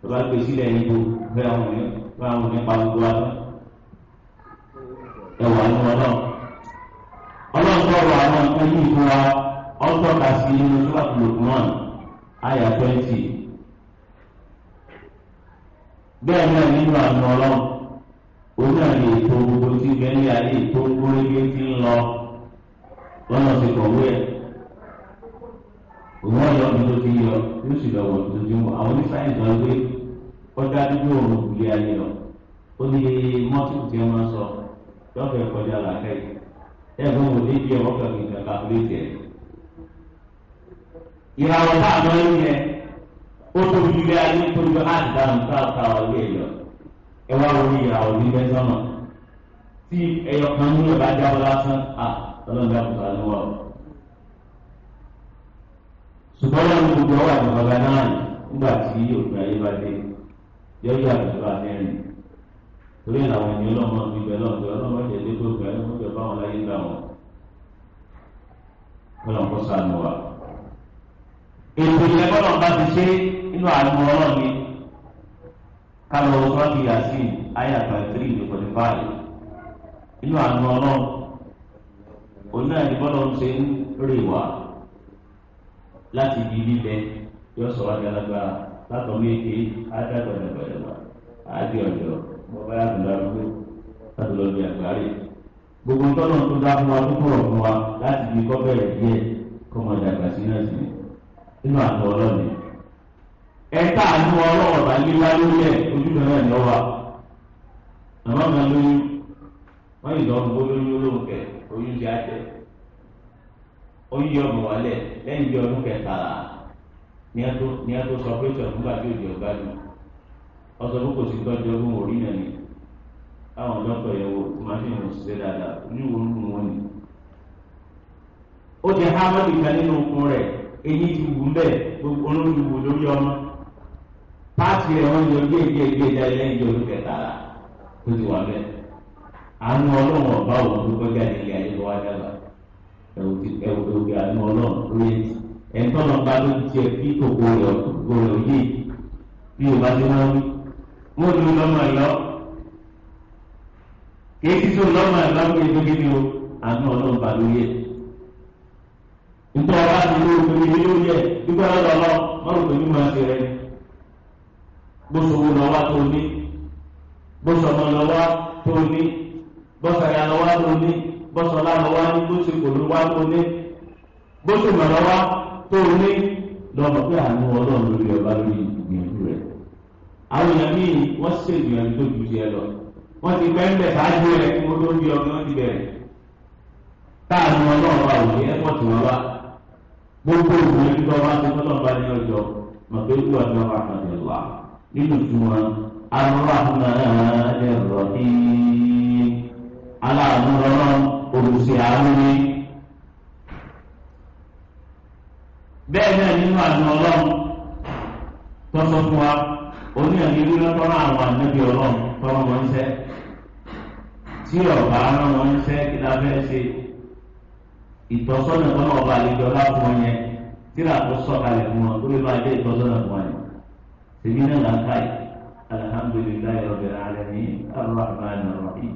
tó bá gbé sílẹ̀ níbo bẹ́ẹ̀ àwọn ní bá àwọn ní pa gbogbo àná ẹ̀wà ní ọlọ́run ọlọ́run tó wà àwọn nǹkan yìí fún wa ọ̀tọ̀ kà sí inú tó bá kúlò fún wọn àyà twenty bẹ́ẹ̀ náà nínú àná ọlọ́run. oní àyè ètò gbogbo tí ndị àyè ètò gbórígbé ebe lọ lọ́nà ti kọ̀wé ẹ̀ òun ọ̀yọ́ mi ti yọ yóò sì ti àwọn wọn gbé kọjá dúdú òun ayé lọ ó ní tí sọ kọjá ayé tó yọ ẹ wá lórí ìyàwó ní bẹ́sọ̀nà tí ẹyọ kan ní ọba jábọ́ lásán à lọ́lọ́dún àbùkà ló wà. ṣùgbọ́n wọn ní gbogbo ọwọ́ àti bàbá náà nígbà tí òkè ayé bá dé yọjú àbùkà mẹ́rin torí àwọn ènìyàn lọ́mọ ibẹ̀ lọ́dọ̀ ọlọ́mọ jẹ́ dégbò gbẹ̀ ẹ́ lọ́mọ jẹ́ báwọn láyé gbà wọn. ọlọ́run sànù wa. ètò ìyẹn bọ́lọ̀ bá ti ṣe inú àánú ọlọ́run kálọ̀ sọ́ọ̀tì yasin àyà twenty-three to forty-five inú àánú ọlọ́run òun náà ní bọ́lá ṣe ń rè wá láti ibi lílẹ̀ yóò sọ wájú alágbára látọ̀ méje ádágbàdàgbàdàgbà àádé ọ̀dọ́ bọ́bá yàtọ̀ lárúgbó láti lọ́ọ́ bí àgbáyé gbogbo tọ́nà tó dá fún wa tó kọ̀rọ̀ fún wa láti ibi kọ́ bẹ̀rẹ̀ díẹ̀ kọ́ mọ̀ dàgbà sí náà sí inú àánú ọlọ́run ẹ̀ka àánú ọlọ́wọ́ bá líwá lórí ẹ̀ ojúbẹ náà ní ọba àmọ́ kan lóyún wọ́n yìí lọ́ọ́ gbó lóyún olóhùn kẹ oyún ti àjẹ oyún ọmọ bí ọdún kẹtàlá ní sọ pé tí ọsọ fún orí náà ni káwọn yẹn wo dáadáa ojú lù wọ́n ni. ó ti há mọ́bìkan nínú okun rẹ̀ ti wù wù páàkì rẹ̀ wọ́n yọ gbé gbé gbé jáde lẹ́yìn yọ lókè tààrà tó ti wà bẹ́ẹ̀. àánú ọlọ́run ọba òun tó gbẹ́gà nílé ayé tó wá dàgbà ẹ̀wù ẹ̀wù àánú ọlọ́run tó yẹ ti. ẹ̀ńtọ́nà bá ló ti ẹ̀ bí kòkó rẹ̀ kòkó rẹ̀ yé bí o bá ti wọ́n wí. mo lu lọ́mọ ẹ̀yọ́ kìí ti tó lọ́mọ ẹ̀yọ́ kí ebi kí ni o àánú ọlọ́run bá ló yẹ. nítorí ọba ti ló omi ní ló yẹ nígbà lọ́dọ̀ ọlọ́ bóṣòwò lọ́wọ́ tó ní bóṣọmọ lọ́wọ́ tó ní bọ́sàyà lọ́wọ́ tó ní bọ́sọlá lọ́wọ́ ní bóṣìkò lọ́wọ́ tó ní bóṣùmọ̀ lọ́wọ́ tó ní lọ́mọ pé àánú ọlọ́run lórí ọba lórí ìgbìyànjú rẹ̀. àwọn èèyàn míì wọ́n ṣe ìgbìyànjú tó ju tiẹ̀ lọ wọ́n ti pẹ́ńbẹ̀ ṣáájú rẹ̀ kí wọ́n tó ń bí ọmọ wọn ti bẹ̀rẹ̀. táàmù ọlọ́run wa ò ní ẹ̀pọ̀ tí wọ́n wá gbogbo ìgbìyànjú tó wá tó tọ́lọ́ nínú ìtumọ̀ arúgbàmọ́nà ẹ̀rọ̀dí aláàmúlọ́nà olùsè àrùnì. bẹ́ẹ̀ náà nínú àdúrà ọlọ́run tó sọ fún wa oní ẹ̀mí lọ́tọ́rọ́ àwọn ànábì ọlọ́run tọ́rọ wọn ń sẹ́ tí ọ̀gá rán wọn ń sẹ́ kí lábẹ́ ṣe ìtọ́sọ́nà tọ́lọ́ ọba àlejò ọlá fún wọn yẹn tí làkó sọ̀kalẹ̀ fún wọn tó lè máa jẹ́ ìtọ́sọ́nà fún wọn yẹn. سيدنا الخير الحمد لله رب العالمين الرحمن الرحيم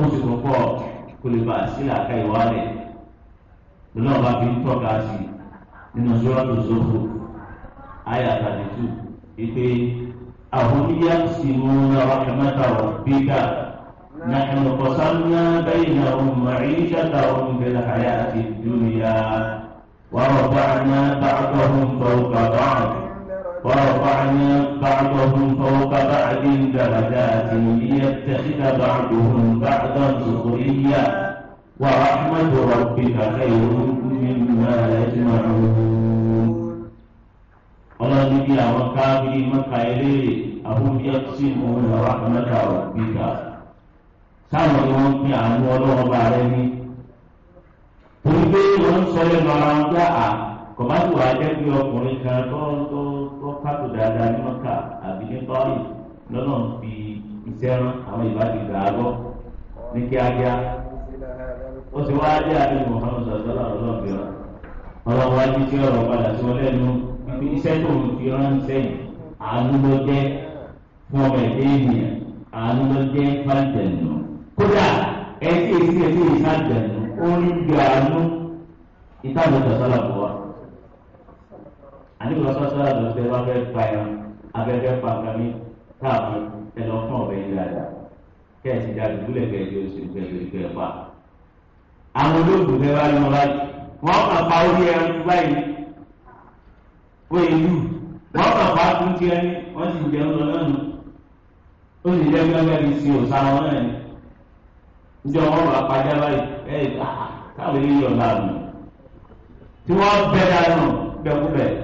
أوصف فوق كل بأسئلة كي والي لنا بابين توكاسي من سورة الزخرف آية 32 إيه أهم يقسمون رحمة ربك نحن قسمنا بينهم معيشتهم في الحياة الدنيا ورفعنا بعضهم فوق بعض ورفعنا بعضهم فوق بعض درجات ليتخذ بعضهم بعضا سخريا ورحمة ربك خير مما يجمعون الله نبي وكابي أهم يقسمون رحمة ربك sáwọn ni wọn fi àánú ọlọ́wọ́ bá rẹ ní. torí pé wọn sọ lẹ́nu pàtó dáadáa ní mọ́kà àbí ní tọ́lì lọ́nà fi iṣẹ́ rán àwọn ìbáàdì gbàgbọ́ ní kíákíá. ó ti wá dé àbí Muhammad sọ̀tọ́lá ọlọ́run fi rán ọlọ́run wájú tí ọ̀rọ̀ padà sí wọn lẹ́nu ibi iṣẹ́ tó ń fi rán sẹ́yìn àánú ló jẹ́ fún ọmọ ẹ̀dẹ́ ènìyàn àánú ló jẹ́ fàjẹ̀nù. kódà ẹtí èsì èsì ìsàjẹ̀nù ó ń gbé àánú ìtàgé sọ̀tọ́lá fún wa àní ìwà sọ́sọ́ àlùfẹ́ wá fẹ́ pa ẹran abẹ́fẹ́ pa kàmí káàmù ẹlọ fún ọ̀bẹ yìí dáadáa kẹ́ẹ̀sì dáadé gúlẹ̀ kẹ́ẹ̀dé oṣù kẹ́ẹ̀dé ìfẹ́ pa. àwọn olóògùn fẹ́ wá lọ báyìí wọ́n kàn pa orí ẹran báyìí ó ìlú wọ́n kàn pa tún ti ẹni wọ́n sì jẹun lọ náà nù ó sì jẹ́ gbẹ́gbẹ́ bíi sí òòsà wọn náà ni ìjọ wọn wà pàjá báyìí ẹ̀ káwọn eléyìí ọ̀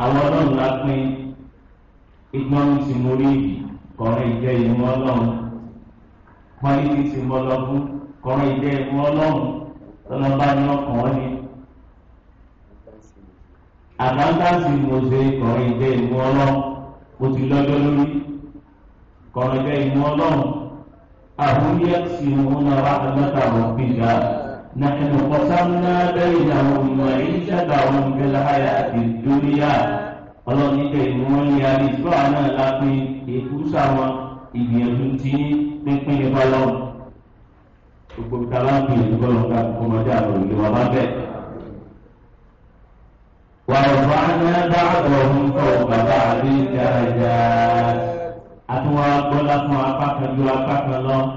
àwọn ọlọ́run la pín ìgbọ́n mi ti mórí ìbí kọrin ìjẹ́ ìmú ọlọ́run pọ́nlí ti ti mọ́ lọ́gún kọrin ìjẹ́ ìmú ọlọ́run tọ́lọ́ba ní ọkàn ọ́ ni. àbáńtàsì mo kọrin ìjẹ́ ìmú ọlọ́run mo ti lọ́jọ́ lórí kọrin ìjẹ́ ìmú ọlọ́run àbúyẹ́ sí ìmúnáwá ẹ̀mẹ́ta ọ̀hún bíjà. نحن قسمنا بينهم معيشتهم في الحياة الدنيا ọlọ́run ní bẹ́ẹ̀ ni wọ́n ní alẹ́ ìṣúra náà la pé èkú sáwọn ìgbìyànjú tí pínpín ní bọ́lọ́run gbogbo ìta bá ń gbìyànjú bọ́lọ́run ká kó máa dá àbọ̀ ìlú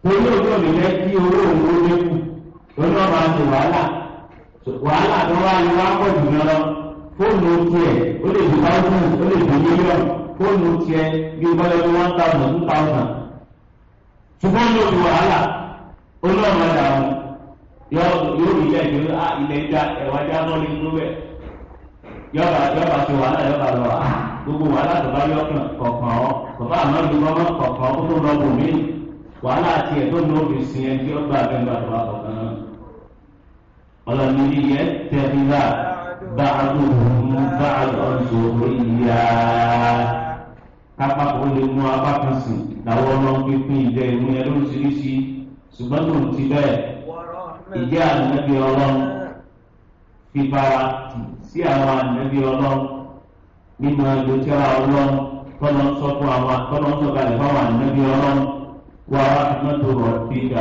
torí ojú mi jẹ́ kí owó òun ó lórí ọ̀rọ̀ àti wàhálà wàhálà tó wá ní wá pọ̀ jù lọ fóònù tiẹ̀ ó lè di thousand ó lè di million fóònù tiẹ̀ bí bọ́lá ní one thousand two thousand ṣùgbọ́n ní ojú wàhálà olóòmọ dàrú yóò yóò rí ilé ìgbéró à ìjà ẹ̀wà ìjà lọ́ọ̀lì ìgbéró bẹ̀ yọba yọba ṣe wàhálà yọba lọ gbogbo wàhálà tó bá yọ kàn kọ̀ọ̀kan ọ̀ kọ̀ọ̀kan àmọ́ ìgbọ́n ó tó lọ bò míì wàhálà àti ẹ̀tọ́ ní òbí sin ẹ kí ọgbà abẹ́gbà tó wà kọ̀ọ̀kan náà. ọlọ́ni ní yẹ tẹ́lifà bá a tó mú bá a lọ sọ̀rọ̀ ìyá. kápákọ̀ lè mú apá kan sìn làwọn ọlọ́run pínpín ìjẹ ìmú yẹn lóríṣiríṣi ṣùgbọ́n tó ń ti bẹ́ẹ̀ ìjẹ́ ànábì ọlọ́run fífara sí àwọn ànábì ọlọ́run nínú ẹgbẹ́ tí ọlọ́run tọ́lọ́ sọ fún àwọn tọ́lọ́ sọ kalẹ̀ fáwọn ànábì ọlọ́run. ورحمة ربك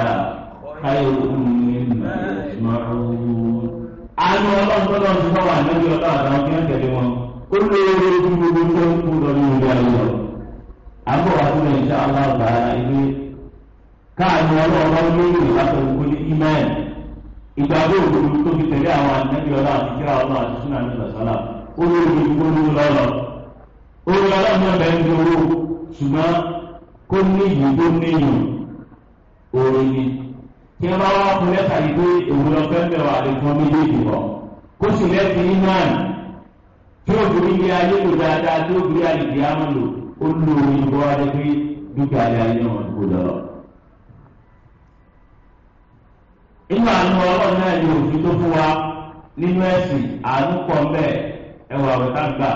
خير مما يجمعون àánú ọlọ́dọ́dọ́ ti bá wà níbi ọ̀dọ́ àtàwọn kí wọ́n tẹ̀lé wọn ó lé orí tí gbogbo tó ń kú lọ ní orí ayọ̀ àbọ̀ wà fún ẹ̀ṣẹ́ aláàbà ilé káàánú ọlọ́ọ̀rọ̀ lórí ìbátan gbogbo ní imáẹ̀ ìgbàgbọ́ òkúru tó fi tẹ̀lé àwọn àtẹ́bí ọlọ́ àti kíra ọlọ́ àti súnà ní sàsálà ó lé orí gbogbo lọ́rọ̀ ó lé ọlọ́mọ kó níyì kó níyì òòrùn ni kí ẹ bá wá fún lẹ́tà yìí pé èwù lọ fẹ́ mẹ́wàá lè fún méjèèjì bọ̀ kó sì lẹ́sìn ní náà tí ó fi ilé ayé lò dáadáa tí ó fi àlèkè àmọ́ lò ó lò òyìnbó adébí dúkìá ilé ayé náà kó lọ. inú àánú ọlọ́run náà ni òfin tó fún wa nínú ẹ̀sìn àánú pọ̀ mbẹ́ ẹwà ọ̀rẹ́ tá gbà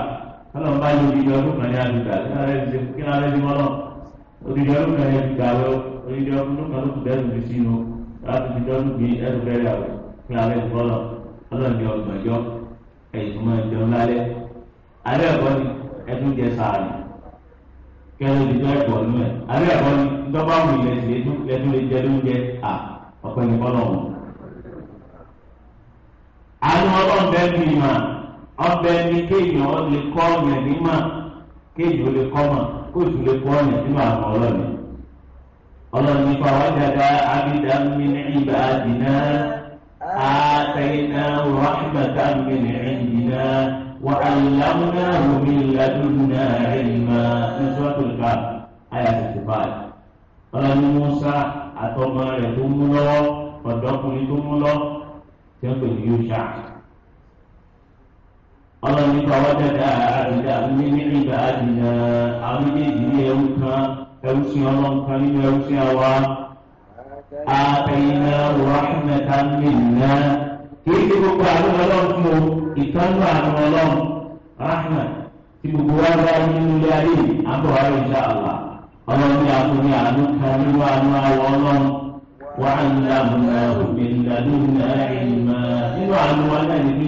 kọ́lọ́mbá yóò di ọdún kan ní àdúgbà kí náà rẹ̀ ti mọ́ náà odidi ọdún kan yẹn ti gbà wọ odidi ọdún kan ló kù dẹ́rù mi sínú láti fi dọ́nù bí ẹnu bẹ́rẹ̀ àwẹ̀ fún alẹ́ ìfọlọ ọlọ́run ní ọgbọ̀n ẹjọ́ ẹ̀yìn mọ́ ẹjọ́ lálẹ́ alẹ́ ẹ̀kọ́ ni ẹtún jẹ sàárì kẹrin odidi ẹ̀kọ́ nù ẹ̀ alẹ́ ẹ̀kọ́ ni dọ́gba wù ilẹ̀ sí ẹtún lè jẹ lóúnjẹ à ọ̀pẹ ní fọlọ́ wọn. àánú ọlọ́run bẹ́ẹ̀ ní ìmọ̀ ọbẹ̀ ní kéèyàn lè kọ́ ọ̀yàn nímọ̀ kéèyàn lè kọ́ mọ̀ kóòtù lè kó ọ̀nà sínú àwọn ọlọ́ọ̀ni ọlọ́ọ̀ni fa wájàdá abidá min ibadina àtẹ̀yìnà rahmatan min indina wà àlámúná min ladunna ilma ní sọ́tò ká àyà tètè báyìí ọlọ́ọ̀ni Musa àtọmọ rẹ̀ tó mú lọ́wọ́ ọ̀dọ́kùnrin tó mú lọ́ tẹ́ńpẹ̀ yóò ọlọ́ni fàwọ́dẹ́dá àdìdá nílé ìgbà àdìdá àwọn méjèèjì ní ẹrú kan ẹrú sí ọlọ́run kan nínú ẹrú sí àwa. àtẹ̀yìnà rọ́ṣùmẹ̀ta nìyíná kìí ṣe gbogbo àwọn ọlọ́run fún o ìtọ́jú àwọn ọlọ́run ráhùnà tí gbogbo wa bá nínú ilé ayé àbọ̀wá ìṣá àlà ọlọ́ni àtúnyẹ àánú kan nínú àánú àwọ̀ ọlọ́run wàhálà àbùnà òbí ìdàdúnà ìmọ̀ nínú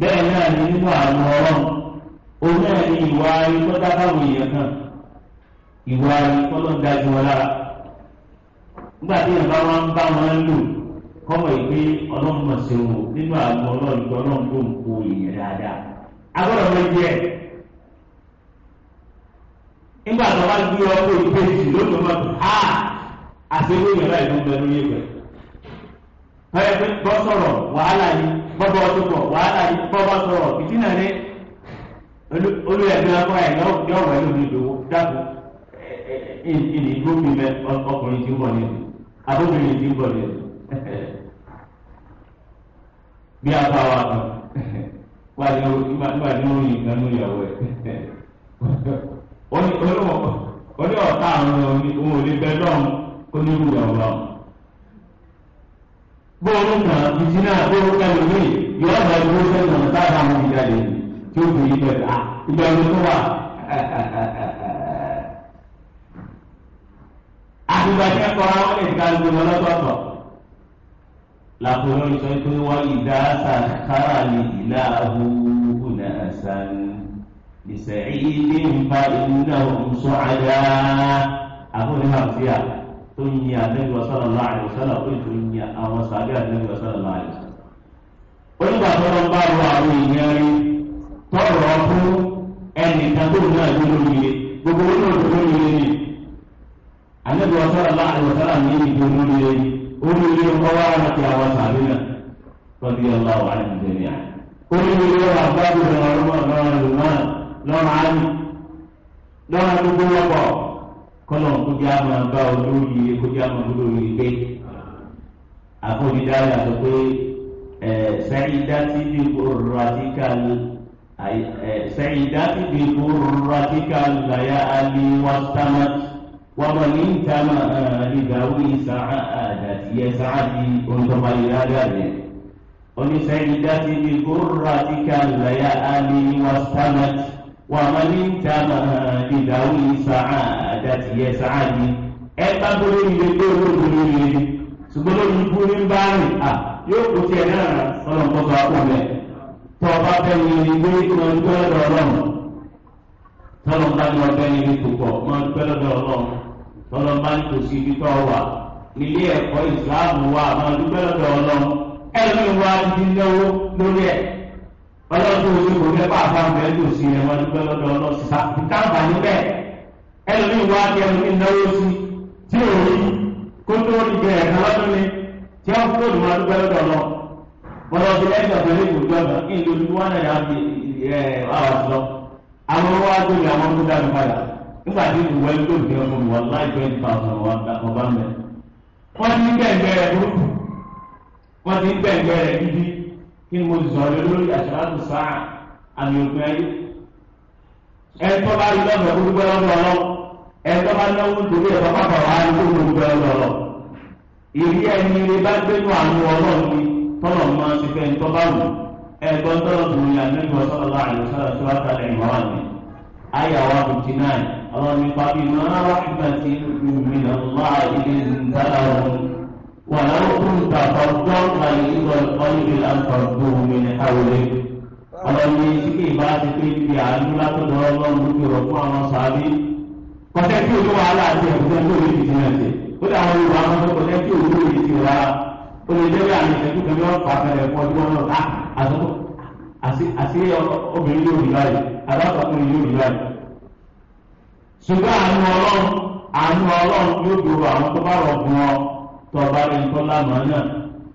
bẹ́ẹ̀ náà ni nínú àwọn ọ̀rọ̀ òun náà ni ìwà ayé tó èèyàn kan ìwà ayé tó lọ dájú wọn lára nígbà tí ìyàbá wa ń bá wọn lò kọ́mọ̀ ìpè ọlọ́mọ ṣòwò nínú àwọn ọlọ́run tó ọlọ́run tó ń po èèyàn dáadáa agbọ́dọ̀ ló jẹ́ nígbà tó wá gbé ọkọ̀ ìpèsè lónìí wọn á àṣewé ìyàrá ìlú bẹ̀rù yé bẹ̀rù bọ́sọ̀rọ̀ wàhálà yìí bọ́bọ́ tó bọ̀ wàhálà yìí bọ́bọ́ sọ̀rọ̀ ìdínà ní olùyẹ̀dùn akọ ẹ̀ yọ wẹ̀ lómi ìdòwò dáàbò ìdí ìgbómi mẹ ọkùnrin ti ń bọ̀ ní ìlú abóbìnrin ti ń bọ̀ ní ìlú bí a bá wa kan wà ní orí ìgbà ní ìyàwó ẹ̀ oní ọ̀tá àwọn ohun olè bẹ́ẹ̀ lọ́hùn onírúurú ọ̀rọ̀ ọ̀hún bóòlù kan ìdínà bóòlù kẹlòmí yóò bá dúró sẹ́nu ọ̀nà táwọn àwọn ìjáde tí ó fi ibẹ̀ ta ibẹ̀ ló tó wà. àtìgbà tí àwọn ẹ̀ka ń gbọmọ lọ́tọ̀ọ̀tọ̀ làkúrò ìṣe pé wọ́n ìdá sàkárà ní ìlà ahùhù náà sàn ìṣẹ̀yìn ní nfa ìlú náà ń sọ àyà àbúrò náà fi àpò tó yin anabi sallallahu alaihi wasallam ó tó yin àwọn sàbẹ anabi sallallahu alaihi wasallam. onígbà tó lọ bá wọ àwọn èèyàn rí tọrọ fún ẹnìkan tó ní àjọ lórí rẹ gbogbo nínú òjò lórí rẹ ni anabi sallallahu alaihi wasallam ní ìdí lórí rẹ ni onílé ọwọ́ àti àwọn sàbẹ náà tọ́jú ọlá wà ní ìdẹ́rẹ́ àná. onílé àgbàdo ọ̀rọ̀ ọ̀rọ̀ ọ̀rọ̀ lọ́rọ̀ àmì lọ́rọ̀ gbogbo wọn pọ̀ kọ́nà kójú àmọ́ bá olórí ilé kójú àmọ́ olórí ilé àfọ̀júdá yà sọ pé sẹ́yìn dátí bí gbòòrò àti kàlù sẹ́yìn dátí bí gbòòrò àti kàlù làyà àlè wà sámà wàmà ní ntàmà àlìdáwò ìsàá àdàtìyẹ sàá di ọ̀ntọ́mà ìlàdà oní sẹ́yìn dátí gbòòrò àti làyà àlè wà sámà wàmà ní ntàmà àlìdáwò ìsàá àdàtì yẹ sáà ni ẹ bá gbọ́dọ̀ ìwé tó olóògùn lórí ẹni ṣùgbọ́n lórí ikú ní bá rìn à yóò kó tiẹ̀ náà sọ̀rọ̀ nǹkan tó akó tó o bá fẹ́ yin ni gbé ìmọ̀ ń gbẹ́ lọ́dọ̀ ọlọ́run tọ́lọ́ bá ní ọgbẹ́ yin ni tòkọ̀ mọ́ ń gbẹ́ lọ́dọ̀ ọlọ́run tọ́lọ́ bá ní tòsí ibi tó wà nílé ẹ̀kọ́ ìsìláàmù wa mọ́ ń gbẹ́ lọ́dọ̀ ọlọ́run ẹ̀mí wa ti náwó lórí ẹ̀ ọlọ́run tó o ti kò fẹ́ pàápàá bẹ́ẹ̀ tòsí ẹ̀ mọ́ ẹlòmíì wá di ẹnu ìnáwó sí tí ò rí kó tó rí bẹ̀rẹ̀ kan lọ́dún ni tí wọ́n fún òdùmọ̀ adúgbò lọ́dọ̀ náà bọ́lá ọdún lẹ́yìn ọ̀dọ́ ní ìbùdó ọ̀dọ́ kí ìlú ní wọn náà yàgbé ẹ̀ àwọn ọ̀dọ́ àwọn owó adó ni àwọn tó dánú padà nígbà tí ìwọ ẹgbẹ́ òbí ọmọ mi wà láì twenty thousand ọba mẹ́. wọ́n ti ń gbẹ̀ngbẹ̀ rẹ̀ burúkú wọ́n ti ń gbẹ̀ngbẹ̀ rẹ̀ gidi kí ni mo zọ̀rọ̀ lórí àṣàlátù sáà àmì òpin ayé. ẹ̀ tọ́ bá rí lọ́dọ̀ ẹ̀tọ́ bá náwó torí ẹ̀tọ́ bá bàbá wa tó gbogbo ẹ lọ. ìrí ẹni ilé bá gbẹ́nu àánú ọlọ́run ni tọ́lọ̀ máa ti fẹ́ tọ́ bá wù ẹ̀gbọ́n tọ́lọ̀ tó ní àmẹ́gbọ́ sọ́lá láàrin tó wá kalẹ̀ ìmọ̀ràn ni. àyàwó àbùtí náà ọlọ́run ní pàbí náà nígbà tí mi náà wà ilé ìdára wọn. wà láwọn kún tàbọ̀ kọ̀tẹ́ tí o tó wàhálà àti ẹ̀kúnṣẹ́ tó lè fi ìrìn àti ó dà wọn yorùbá wọn tó kọ̀tẹ́ tí o tó lè fi ìrìn ara lè jẹ́rìí àmì ìṣẹ́jú kan bí wọ́n fà fẹ́rẹ̀ fún ọdún náà ká àtọ́kọ̀ àti obìnrin yóò rí báyìí alábàákùnrin yóò rí báyìí. ṣùgbọ́n àánú ọlọ́run àánú ọlọ́run yóò gbòòrò àwọn tó bá rọ̀ fún ọ tó ọba rẹ̀ ń lánàá náà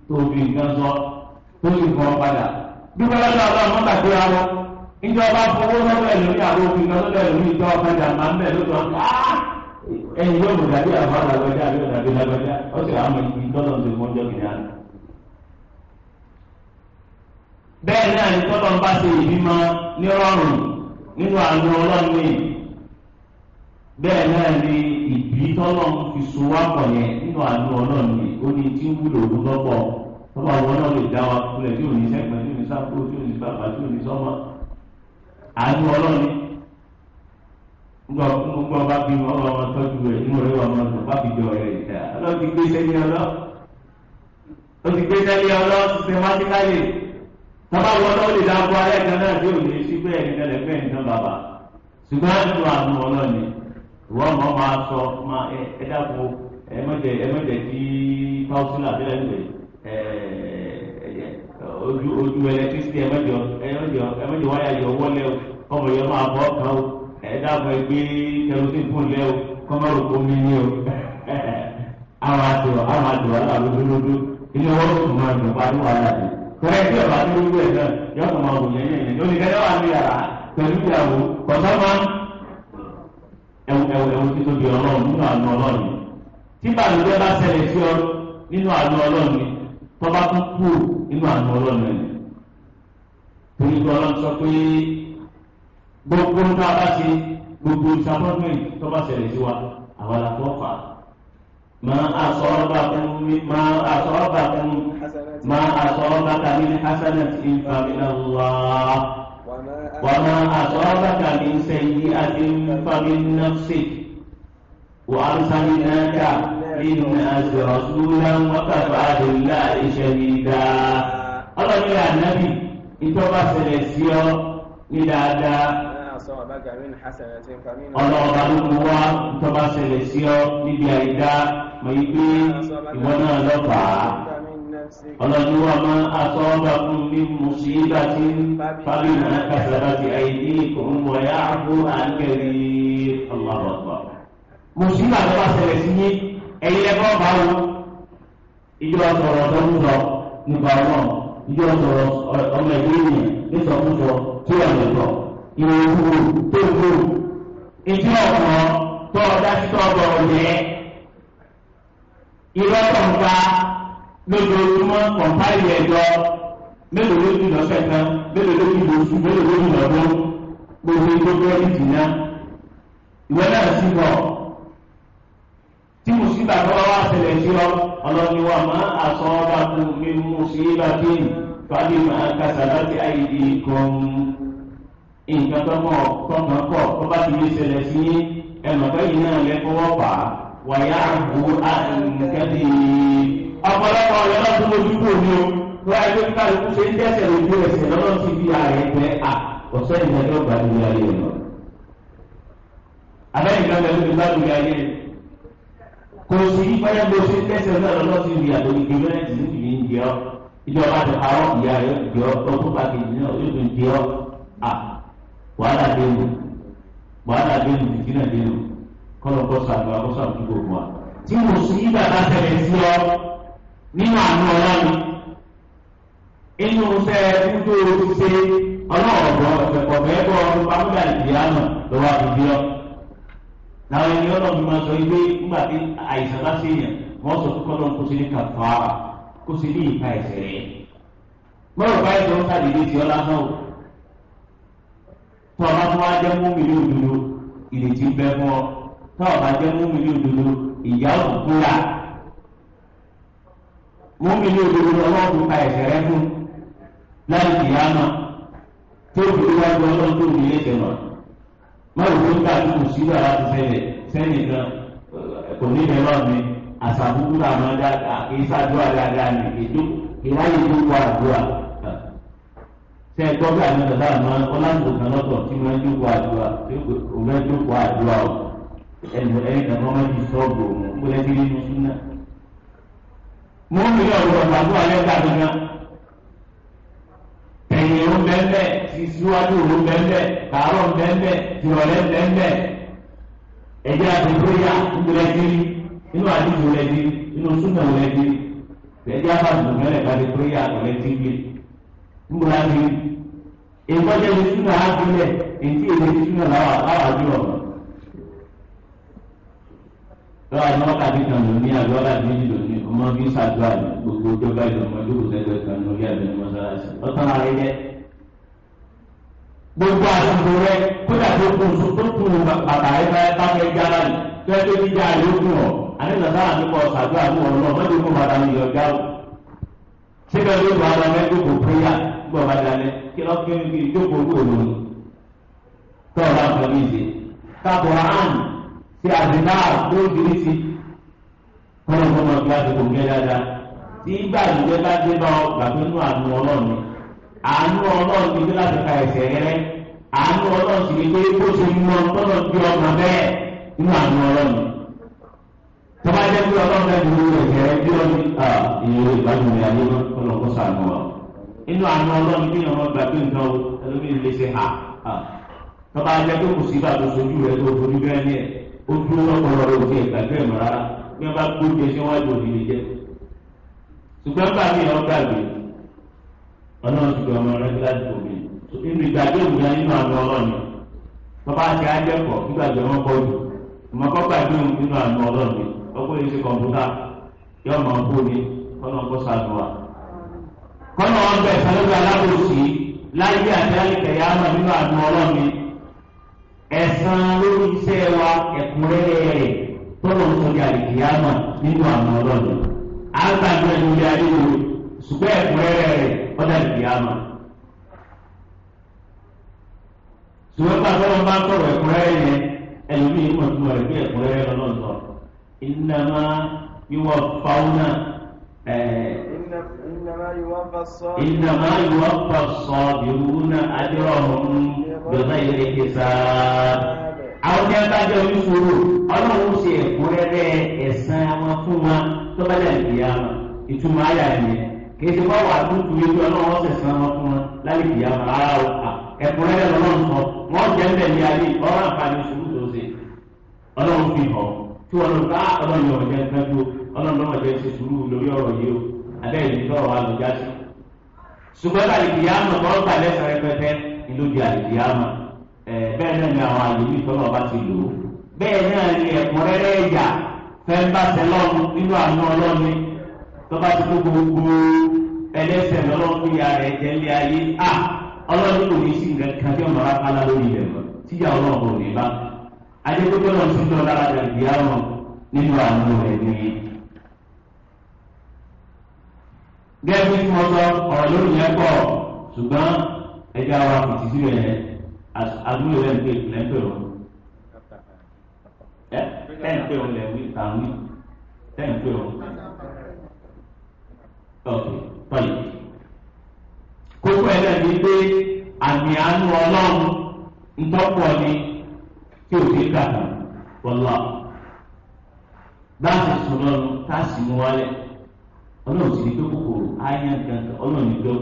tó obìnrin kan sọ tó sì fọ́ padà. dúpẹ́ lọ́dọ̀ ọlọ́run ìjọba fowó lọ́dọ̀ ẹlòmí àwọn obìnrin lọ́dọ̀ ẹlòmí ìjọ ọ̀kadà máa ń bẹ̀ lọ́dọ̀ ọ̀ká ah! ẹ̀yin yóò mọ̀ dàbí àwọn alágbẹ́dá àbí ọ̀dàbí lágbẹ́dá ó sì àwọn ìgbì tọ́lọ̀ ń tẹ̀wọ́n jọ kìnìyà. bẹ́ẹ̀ náà ni tọ́lọ̀ ń bá ṣe ìbímọ ní rọrùn nínú àánú ọlọ́run yìí bẹ́ẹ̀ náà ni ìbí tọ́lọ̀ ń fi so wá pọ̀ yẹn nínú àánú ọlọ́run yìí ó ní tí ń wúlò òun lọ́pọ̀ tọ́lọ̀ àwọn ọlọ́run lè dá wa kulẹ̀ tí ò ní sẹ́gbẹ̀ẹ́ tí ò ní sáfúrò tí ò ní bàbá tí ò ní sọ́mọ́ àánú ọlọ́ni gbogbo ọba bí wọn ọba wọn tọ́jú rẹ̀ nínú rẹ̀ wọn ọmọ ọba bí jọ rẹ̀ ìta ọlọ́ọ̀ ti gbé sẹ́yìn ọlọ́ ti gbé sẹ́yìn ọlọ́ sísèmátíkálì tọ́ba alẹ́ kan náà tí bẹ́ẹ̀ ní bẹ́ẹ̀ ní bàbá ṣùgbọ́n àánú àánú ìwọ ọmọ máa sọ máa ẹ ẹ mọ̀jẹ̀ ẹ mọ̀jẹ̀ tí ojú ojú ẹlẹtírísítì ẹmẹjọ ẹmẹjọ ẹmẹjọ wáyà yọ wọlé o kọmọ yọ máa bọ ọkàn o ẹdáàbọ ẹgbẹ kẹrọsí fún lẹ o kọmọrò kó mi ní o àwọn àdùn àwọn àdùn wà láàbò lódodo ilé wọn kò máa dùn pàdé wà láàbò kọrẹ tí ọba tó gbogbo ẹ náà yọ kọ máa wù yẹn yẹn lórí kẹrẹ wà ní yàrá pẹ̀lú ìyàwó kọsọ máa ẹwù ẹwù ẹwù títóbi Ọlọ́run nínú àánú Ọlọ́run tí bàlùwẹ bá ṣẹlẹ̀ sí ọ nínú àánú Ọlọ́run tọ́ba tó kú nínú àná ọlọ́run ẹ̀ torí pé ọlọ́run sọ pé gbogbo ń bá a bá ṣe gbogbo ìsàmọ́tòyìn tọ́ba ṣẹlẹ̀ sí wa àwọn àlàkọ́ fà á máa àsọ̀rọ̀bà fún mi máa àsọ̀rọ̀bà fún máa àsọ̀rọ̀bà kàmí ní hasanat ìfàmìlàwà wà máa àsọ̀rọ̀bà kàmí sẹ́yìn àti ìfàmìlàwà wà á sáré náà dáa. الناس رسولا وكفى بالله شهيدا ọlọ́run yà nábì ìtọ́ba ṣẹlẹ̀ sí ọ ní dáadáa ọlọ́ọ̀bá ló mú wá ìtọ́ba ṣẹlẹ̀ sí ọ níbi àìdá mọ̀ yí pé ìwọ náà lọ́fàá ọlọ́run wà máa àtọ́ọ̀bá fún mi mùsíbà tí fábí náà kàṣàrà sí àìdí ìkòmù ọ̀yá àbúrò àńkẹ́rì ọlọ́run. mùsíbà tó bá ṣẹlẹ̀ sí yín ẹ̀yin lẹ́kọ́ bá wo ìjọ sọ̀rọ̀ ọ̀dọ́dún nípa ọ̀nà ìjọ sọ̀rọ̀ ọmọ ẹ̀gbẹ́ ènìyàn nísọ̀kúsọ tí wọ́n lè sọ ìròyìn kúrò tó ń ìjọ ọ̀nà tó ọ̀dá títọ́ ọ̀dọ̀ ọ̀yẹ́ ìrọ̀ kọ̀ǹpa lójoojúmọ́ kọ̀ǹpa ìlú ẹ̀jọ́ mélòó ló ti lọ sẹ́kàn mélòó ló ti lọ sùn mélòó ló ti lọ gbogbo ìgbógbó ìdìnnà ìwé náà sì bọ̀ tí mùsùlùmí àtọ́wá wá ṣẹlẹ̀ sí ọ ọlọ́ni wa máa àsọ ọba tó mi mùsùlùmí bá dé fàbí máa kásá láti àyèdè kan nǹkan tọmọ tọmọ kọ tó bá ti lè ṣẹlẹ̀ sí ẹnìkan yìí náà lẹ fọwọ́ pa wàyà àbò àǹkàdé ọ̀pọ̀lọpọ̀ ọ̀yọ́lá tó lójú kò ní o wọ́n á gbé kálukú ṣe ń dẹ́sẹ̀ lójú ẹsẹ̀ lọ́dọ̀ ti fi ààrẹ pẹ́ à ọ̀sẹ̀ ìdájọ́ gbàdúrà yẹn lọ. abẹ́yìn náà lẹ́nu yẹn lọ kò sí báyà bó ṣe tẹsẹ̀ náà lọ sí ìrìn àjò ìgbé mẹ́rẹ̀ẹ́dì níbi yìí ń jẹ ọ́ ìjọba ti pa ọ́ ìyá rẹ̀ jẹ ọ́ ọkùnrin pàkejì náà yóò tún jẹ ọ́ à wàhálà dénú wàhálà dénú ìdílé dénú kọ́lọ̀ kọ́ sàgbà kọ́ sàgbà tó wà. tí mo sì í bàbá tẹ̀lé sí ọ nínú àánú ọlọ́run inú sẹ́ kúndó ṣe ọlọ́ọ̀dọ́ ẹ̀kọ́ bẹ́ẹ̀ na ẹni ọlọ́run máa sọ ilé nígbà tí àìsàn bá ṣe yàn wọ́n sọ fún kọ́lọ́n kó ṣe ní kàfàrà kó ṣe ní ìka ẹ̀sẹ̀ rẹ̀. mọ́rọ̀ báyìí tó ń sàdédé ọlá náà tó ọba tó wá jẹ́ mú òdodo ọ tó ọba jẹ́ mú òdodo ìyá mú òdodo ọlọ́run tó ka wọ́n lè gbóngbà tí kò sí wàhálà tó fẹ́lẹ̀ sẹ́yìn kan kò ní ìrẹ́lọ́ mi àṣàbùkù làwọn dáadáa kì í ṣàdúrà dáadáa ní ètò ìráyè tó kọ àdúrà. ṣé ẹ gbọ́ bí àwọn ọlọ́dún kan lọ́tọ̀ tí wọ́n ń jókòó àdúrà tí òun ń jókòó àdúrà o ẹnu ẹni kan wọ́n máa ń fi sọ́ọ̀bù òun kó lẹ́gbẹ̀ẹ́ nínú súnà. mo ń bèrè ọ̀rọ̀ àdúrà ìrún bẹ́ẹ̀ síwájú òru bẹ́ẹ̀ kàárọ̀ bẹ́ẹ̀ ìrọ̀lẹ́ bẹ́ẹ̀ ẹ̀jẹ̀ àtúntòyà ńlẹ́dìrí nínú àdìgbò lẹ́dìrí nínú súnà lẹ́dìrí ẹ̀jẹ̀ àbàdùn mẹ́rẹ̀ bá ti tóyà lẹ́dìrí ńlá ní ìkọ́jẹ́ ní súnà ábílẹ̀ èyí èdè súnà láwàájú ọ̀nà lọ́wọ́ àti wọ́n kàdé kan lò ní àgbọ̀ láti méjì lónìí ọmọ bí sàdúrà gbogbo ọjọ́ báyìí ọmọ ìlú òṣèlú ẹ̀ka lórí àbẹ̀mọ́sára sí ọ̀tọ́ ara yẹ gbogbo àtúntò rẹ kódà tó kù tó kù bàbá rẹ bá bá fẹ́ jára nì fẹ́ tó ti já yóò kù ọ àní nàbà àti kọ ṣàdúrà ní ọ̀rọ̀ náà mọ́tò kó bàbá mi yọ já o. síbẹ̀ ló wà lọ mẹ́ tó kò péyà gbọ́ bá dalẹ̀ kí lọ́ kí ní tó kò kò lò ní. tó o bá ń sọmí ṣe káàbọ̀ àn ti àdínà tó kiri sí kọ́nà kọ́nà kí a ti kò kẹ́ àánú ọlọ́run ti ní láti ka ẹsẹ̀ rẹ àánú ọlọ́run ti ní pé kó ṣe mú ọ tọ́lọ̀ bí ọmọ bẹ́ẹ̀ nínú àánú ọlọ́run tọ́ba jẹ́ pé ọlọ́run náà ti ní ẹsẹ̀ rẹ bí ọdún ìyẹn ìgbàdùn rẹ ayé ọlọ́run kó sàánú wa inú àánú ọlọ́run bí ọmọ gbà pé nǹkan ẹlòmíì lè ṣe hà tọ́ba jẹ́ pé kò sí ìbàdàn sojú rẹ tó fojú bẹ́ẹ̀ ní ẹ̀ ó dúró ọlọ́run ti gbé ọmọ rẹ gíláàsì òbí ibi ìgbàgbé òmìnira nínú àánú ọlọ́run bàbá àti akẹ́kọ̀ọ́ nígbàgbé wọn bọ́ jù ọmọkọ́ gbàgbé òmìnira nínú àánú ọlọ́run yìí ṣe kọ̀ǹpútà yọ ọmọ kọ́nà kọ́nà wọn bẹ alábòsí láyé àti yà nínú àánú ọlọ́run ẹ̀sán lórí iṣẹ́ wa ẹ̀kúnrẹ́rẹ́ ṣùgbọ́n ẹ̀kúnrẹ́rẹ́ rẹ̀ ọ̀dà ìdí àmà. ṣùgbọ́n pàṣẹ wọn bá sọ̀rọ̀ ẹ̀kúnrẹ́rẹ́ yẹn ẹlòmíì mọ̀ tó rẹ̀ bí ẹ̀kúnrẹ́rẹ́ lọ́nà sọ. ìnáma yíwọ fáwọn ìnáma yíwọ fàṣọ bìrúnà adìrọ̀hún yọ̀dá ìrèké sáà. àwọn ní abájọ oníṣòro ọlọ́run ṣe ẹ̀kúnrẹ́rẹ́ ẹ̀sán wọn fún wa tó bá dà ìdí ìtumọ̀ ayà yẹn kì í ṣe báwo àdúgbò yẹtù ọlọ́run ọ̀sẹ̀ san wọn fún wọn lálẹ́ ìyá wọn ara o ẹ̀kúnrẹ́rẹ́ lọ́lọ́run sọ wọ́n jẹ́ ń bẹ̀ ní ayé ọ̀rọ̀ àǹfààní sùúrù tó ṣe ọlọ́run fi hàn tí wọn lọ bá ọlọ́run yọ̀ ọ̀jẹ̀ nǹkan tó ọlọ́run lọ́wọ́ jẹ́ ṣe sùúrù lórí ọ̀rọ̀ yìí o abẹ́rẹ́ ní tọ́rọ̀ wa lọ já sí. ṣùgbọ́n àlìkìyà mọ̀ tọ́rọ̀ gbà lẹ́sẹ̀ rẹpẹtẹ ìlódì àlìkìyà mọ̀ bẹ́ẹ̀ náà ni àwọn àyè yìí tọ́lọ̀ bá ti lò ó bẹ́ẹ̀ náà ni ẹ̀kúnrẹ́rẹ́ ẹ̀yà fẹ́ bá tẹ́lọ́run nínú àwọn ọlọ́run tọ́ba tó tó gbogbo ẹlẹ́sẹ̀ lọ́lọ́kùn ya rẹ̀ jẹ́lé ayé a ọlọ́run kò ní sí nǹkan kan tí ọmọ akala lórí rẹ̀ mọ́ tíyà ọlọ́run ò ní bá adékòjọ́ lọ sí lọ́ọ́ lára dàbí àwọn nínú àánú rẹ̀ nìyí. gẹ́gẹ́ bí mo sọ ọ̀rọ̀ lórí yẹn pọ̀ ṣùgbọ́n ẹja wa kò ti sílẹ̀ yẹn àdúgbò rẹ̀ ń pè lẹ́ńpẹ̀ rọ̀ ẹ̀ tẹ́ǹpẹ̀ rọ̀ lẹ́wí tàwí tẹ́ǹpẹ̀ tọ́lì. kókó ẹ̀ náà àmì àánú ọlọ́run ń tọ́pọ̀ ni tí ò ní kàkà wọlá. báàsì sọ̀rọ̀ táàsì mú wálẹ̀ ọlọ́run ní ọlọ́run tó ń ní kíkì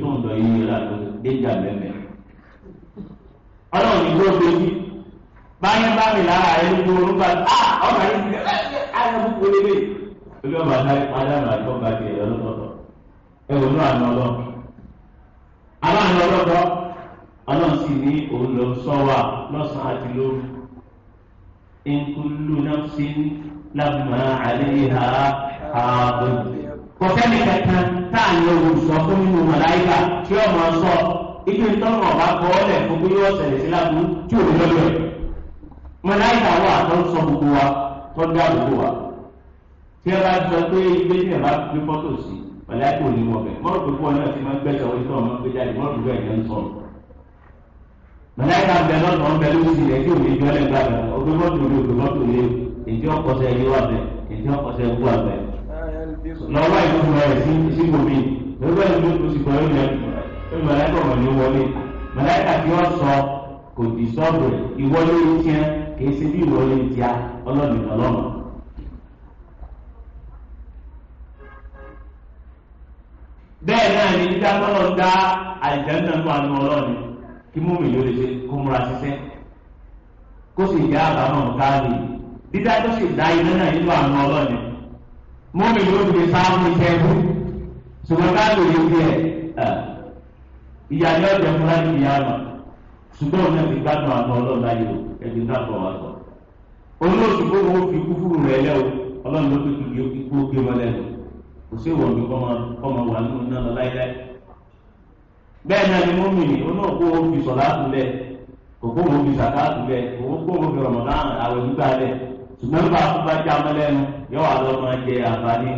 tó ń lọ yíyí rà lóde báyẹn bá mi lára rẹ ló gbó olúgbà á ọ̀gá yìí ti ẹ̀ ayọ̀ gbogbo lébè. olú ọba ká adáàmà tó bá ti ẹ̀rọ lọ́tọ̀ọ̀tọ̀ ẹ wò ló àná lọ. aláàánú ọlọ́dọ́ ọlọ́run sì ní òun lọ sọ́wà lọ́sàn-án àti lóru. nkulu nafsi lamma àléhà ààbò. kọ̀kẹ́ni kẹta tá à ń lo olùsọ fún nínú màláìkà tí ọmọ sọ ibi tọ́nà ọba kọ́ ọ́ lẹ̀ fún bí yóò ṣẹlẹ̀ sí lábú tí òun lọ́dọ̀ ẹ̀ mọláìkà wà tó ń sọ gbogbo wa tó ń dá àdúgbò wa tí ẹ bá sọ pé ilé tí ẹ bá gbé fọ́tò sí mọláìkà ò ní wọ bẹ mọ́rọ̀ pé fún ọ náà ti máa ń gbẹ́sẹ̀ orí tó ọmọ gbé jáde mọ́rọ̀ pé bẹ́ẹ̀ ń sọ mọláìkà bẹ lọ́sọ̀ ń bẹ lóṣù rẹ̀ tí òní ìjọ lẹ́gbàá bẹ ọgbẹ́ mọ́tò ní odò mọ́tò ní èdè ọkọ̀ṣẹ́ ilé wà bẹ èdè ọkọ̀ṣẹ́ ikú wà bẹ lọ́wọ́ ìlú rẹ̀ sí kì í ṣe bí ìrọ̀lẹ́ ìjà ọlọ́run ọlọ́run. bẹ́ẹ̀ náà ni dídá tọ́lọ̀ ń dá àìjẹ́ńdà ń wà nù ọlọ́run kí múmi yóò lè ṣe kó múra ṣiṣẹ́ kó sì jẹ́ àbámọ̀ káàdì dídá tó sì dá iná náà nínú àánú ọlọ́run múmi yóò lè sáàmù ìṣẹ́kù ṣùgbọ́n káàdì yóò fi ẹ̀ ìyá ni ọ̀jẹ̀ fúnra ní ìyá àmà ṣùgbọ́n ọ̀nà ìgbádùn àánú ọlọ́run láyé o. ẹbí ń dábọ̀ onye sọ. olóòtú bó wo fi kúfúrú rẹ̀ o ọlọ́run ló tún fi ikú gbé wọn lẹ́nu kò sí ìwọ̀n mi kọ́mọ wà nínú náà lọ láíláí. bẹ́ẹ̀ náà ni mo fi sọ̀lá fi sàkà fi lẹ̀ ṣùgbọ́n bá a kú bá já lẹ́nu àlọ́ máa jẹ àǹfààní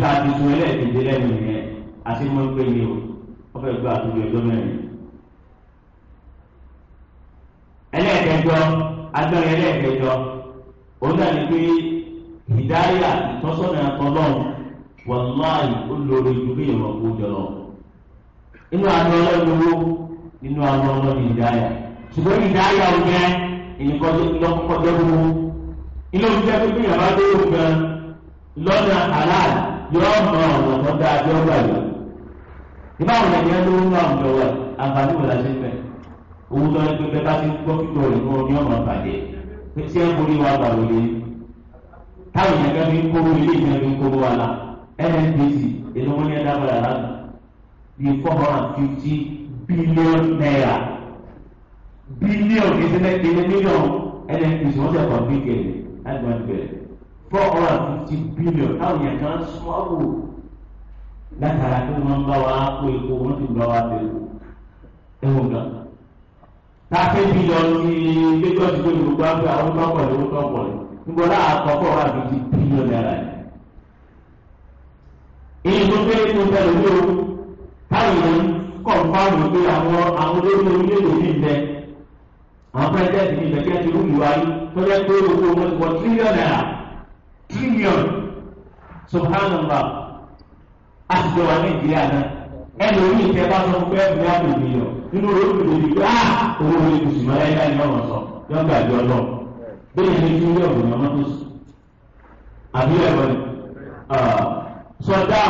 kọ́nà a àti mọ́ pé ní o wọ́n fẹ́ gba àtúndì ọjọ́ mẹ́rin. ẹlẹ́ẹ̀kẹjọ agbẹ́rin ẹlẹ́ẹ̀kẹjọ òun náà ní pé ìdáríyà ìtọ́sọ́nà ọlọ́run wàláì ó lórí ju bí ìwọ̀n kó jọ lọ. inú inú ṣùgbọ́n gbogbo gan lọ́nà àlàyé ọ̀nà tó dáa jọ́ ìbáwọn lè yẹn ló ń lọ àwùjọ wa àǹfààní wò láti fẹ owó tó ń pẹ bá ti gbọ́ kíkọ rẹ fún ọdún ọmọ àpàdé pé tí ẹ ń borí wa gbà wọlé táwọn yẹn kẹ́ fi ń kóró ilé ìjẹun fi ń kóró wa la nnpc ètò wọn ní ẹ̀dá padà láti bí four hundred and fifty billion naira billion ìdílé ìdílé million nnpc wọn jẹ kọ̀ọ̀pì kẹlẹ̀ láti wọn ti bẹ̀rẹ̀ four hundred and fifty billion táwọn yẹn kan small group látara pé wọ́n ń bá wa kó epo wọ́n sì ń bá wa bẹ̀rù ẹ̀wọ̀n náà. táfẹ́ bí lọ sí lẹ́jọ́ ti gbé gbogbo àgbẹ̀ àwọn tó pọ̀ lówó tó pọ̀ lọ níbo náà àkọ́kọ́ wà bí ti bílíọ̀n náírà yìí. èyí tó gbé epo bẹ̀rù ní o táwọn èèyàn kọ̀ ń bá wọn pé àwọn àwọn olórí orílẹ̀-èdè mi bẹ àwọn pẹ́ẹ́tẹ́ẹ̀tì mi bẹ̀kẹ́ ti rú ìwáyé tó jẹ́ pé owó wọn ti wọ tírílíọ̀n subhanallah a ti jọ wà nàìjíríà náà ẹni orí ìfẹ́ bá sọ pé ẹ̀mí àti òmìnira nínú olóògbé lórí pé a ah, owó orí ìbùsùnmọ́ ẹ̀yà ni ọ̀rọ̀ sọ yọ̀ọ́ gbàgbé ọlọ́ bẹ́ẹ̀ ni kí ilé ọ̀gbìn ọmọ tó sùn àbí ẹ̀rọ ni sọdá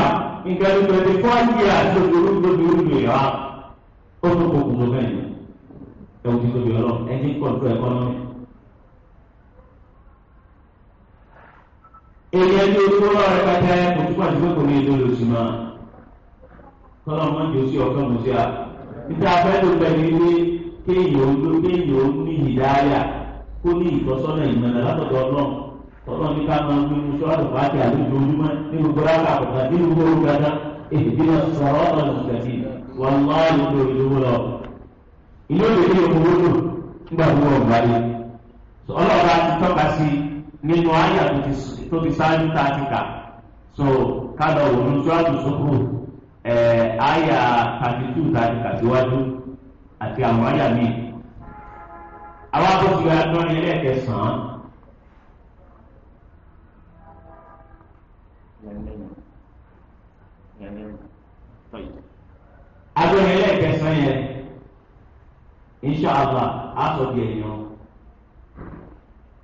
nǹkan ìgbẹ́ ti fọ́ ayé àti olóògbé lórí ìhà ó tó kókò lọ́gbẹ̀ẹ́ ẹ̀wọ̀n ti tóbi ọlọ́ ẹni kọ̀ọ̀tù ẹ̀kọ́nọ́mì èyí ẹni olówó ọ̀rẹ́ kẹtẹ kò túbọ̀ àti gbogbo ní ìlú lòsì máa kọ́lọ́ mọ́ jù sí ọ̀kan mọ̀ sí à níta abẹ́lò pẹ̀lú ilé kéèyàn ló kéèyàn ní ìdáyà kó ní ìtọ́sọ́nà ìmọ̀lá látọ̀dọ̀ ọlọ́run ọlọ́run ní ká máa ń gbé musu àdùnkà àlejò ojúmọ́ nínú àyà tó ti sáájú tá ti kà so kálọ̀ òun tó sókòrò àyà thirty two tá a ti kà síwájú àti àwọn àyà míì àwọn ya tó ní ẹlẹ́ẹ̀kẹsàn-án. ẹlẹ́ẹ̀kẹsàn-án yẹn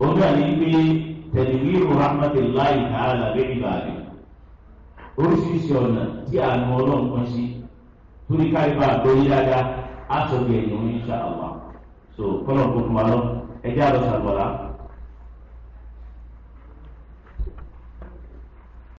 òun náà ní pé tẹ̀lifíìrù rahmatulahi ta'ala lórí ìbàdí oríṣiríṣi ọ̀nà tí àánú ọlọ́run kan sí torí káyọ̀ bá àgbóyé dáadáa á sọ bí ẹ̀yìn oníṣà àwọn so kọ́nà kó fún lọ ẹjẹ́ àlọ́ sàgbọ́lá.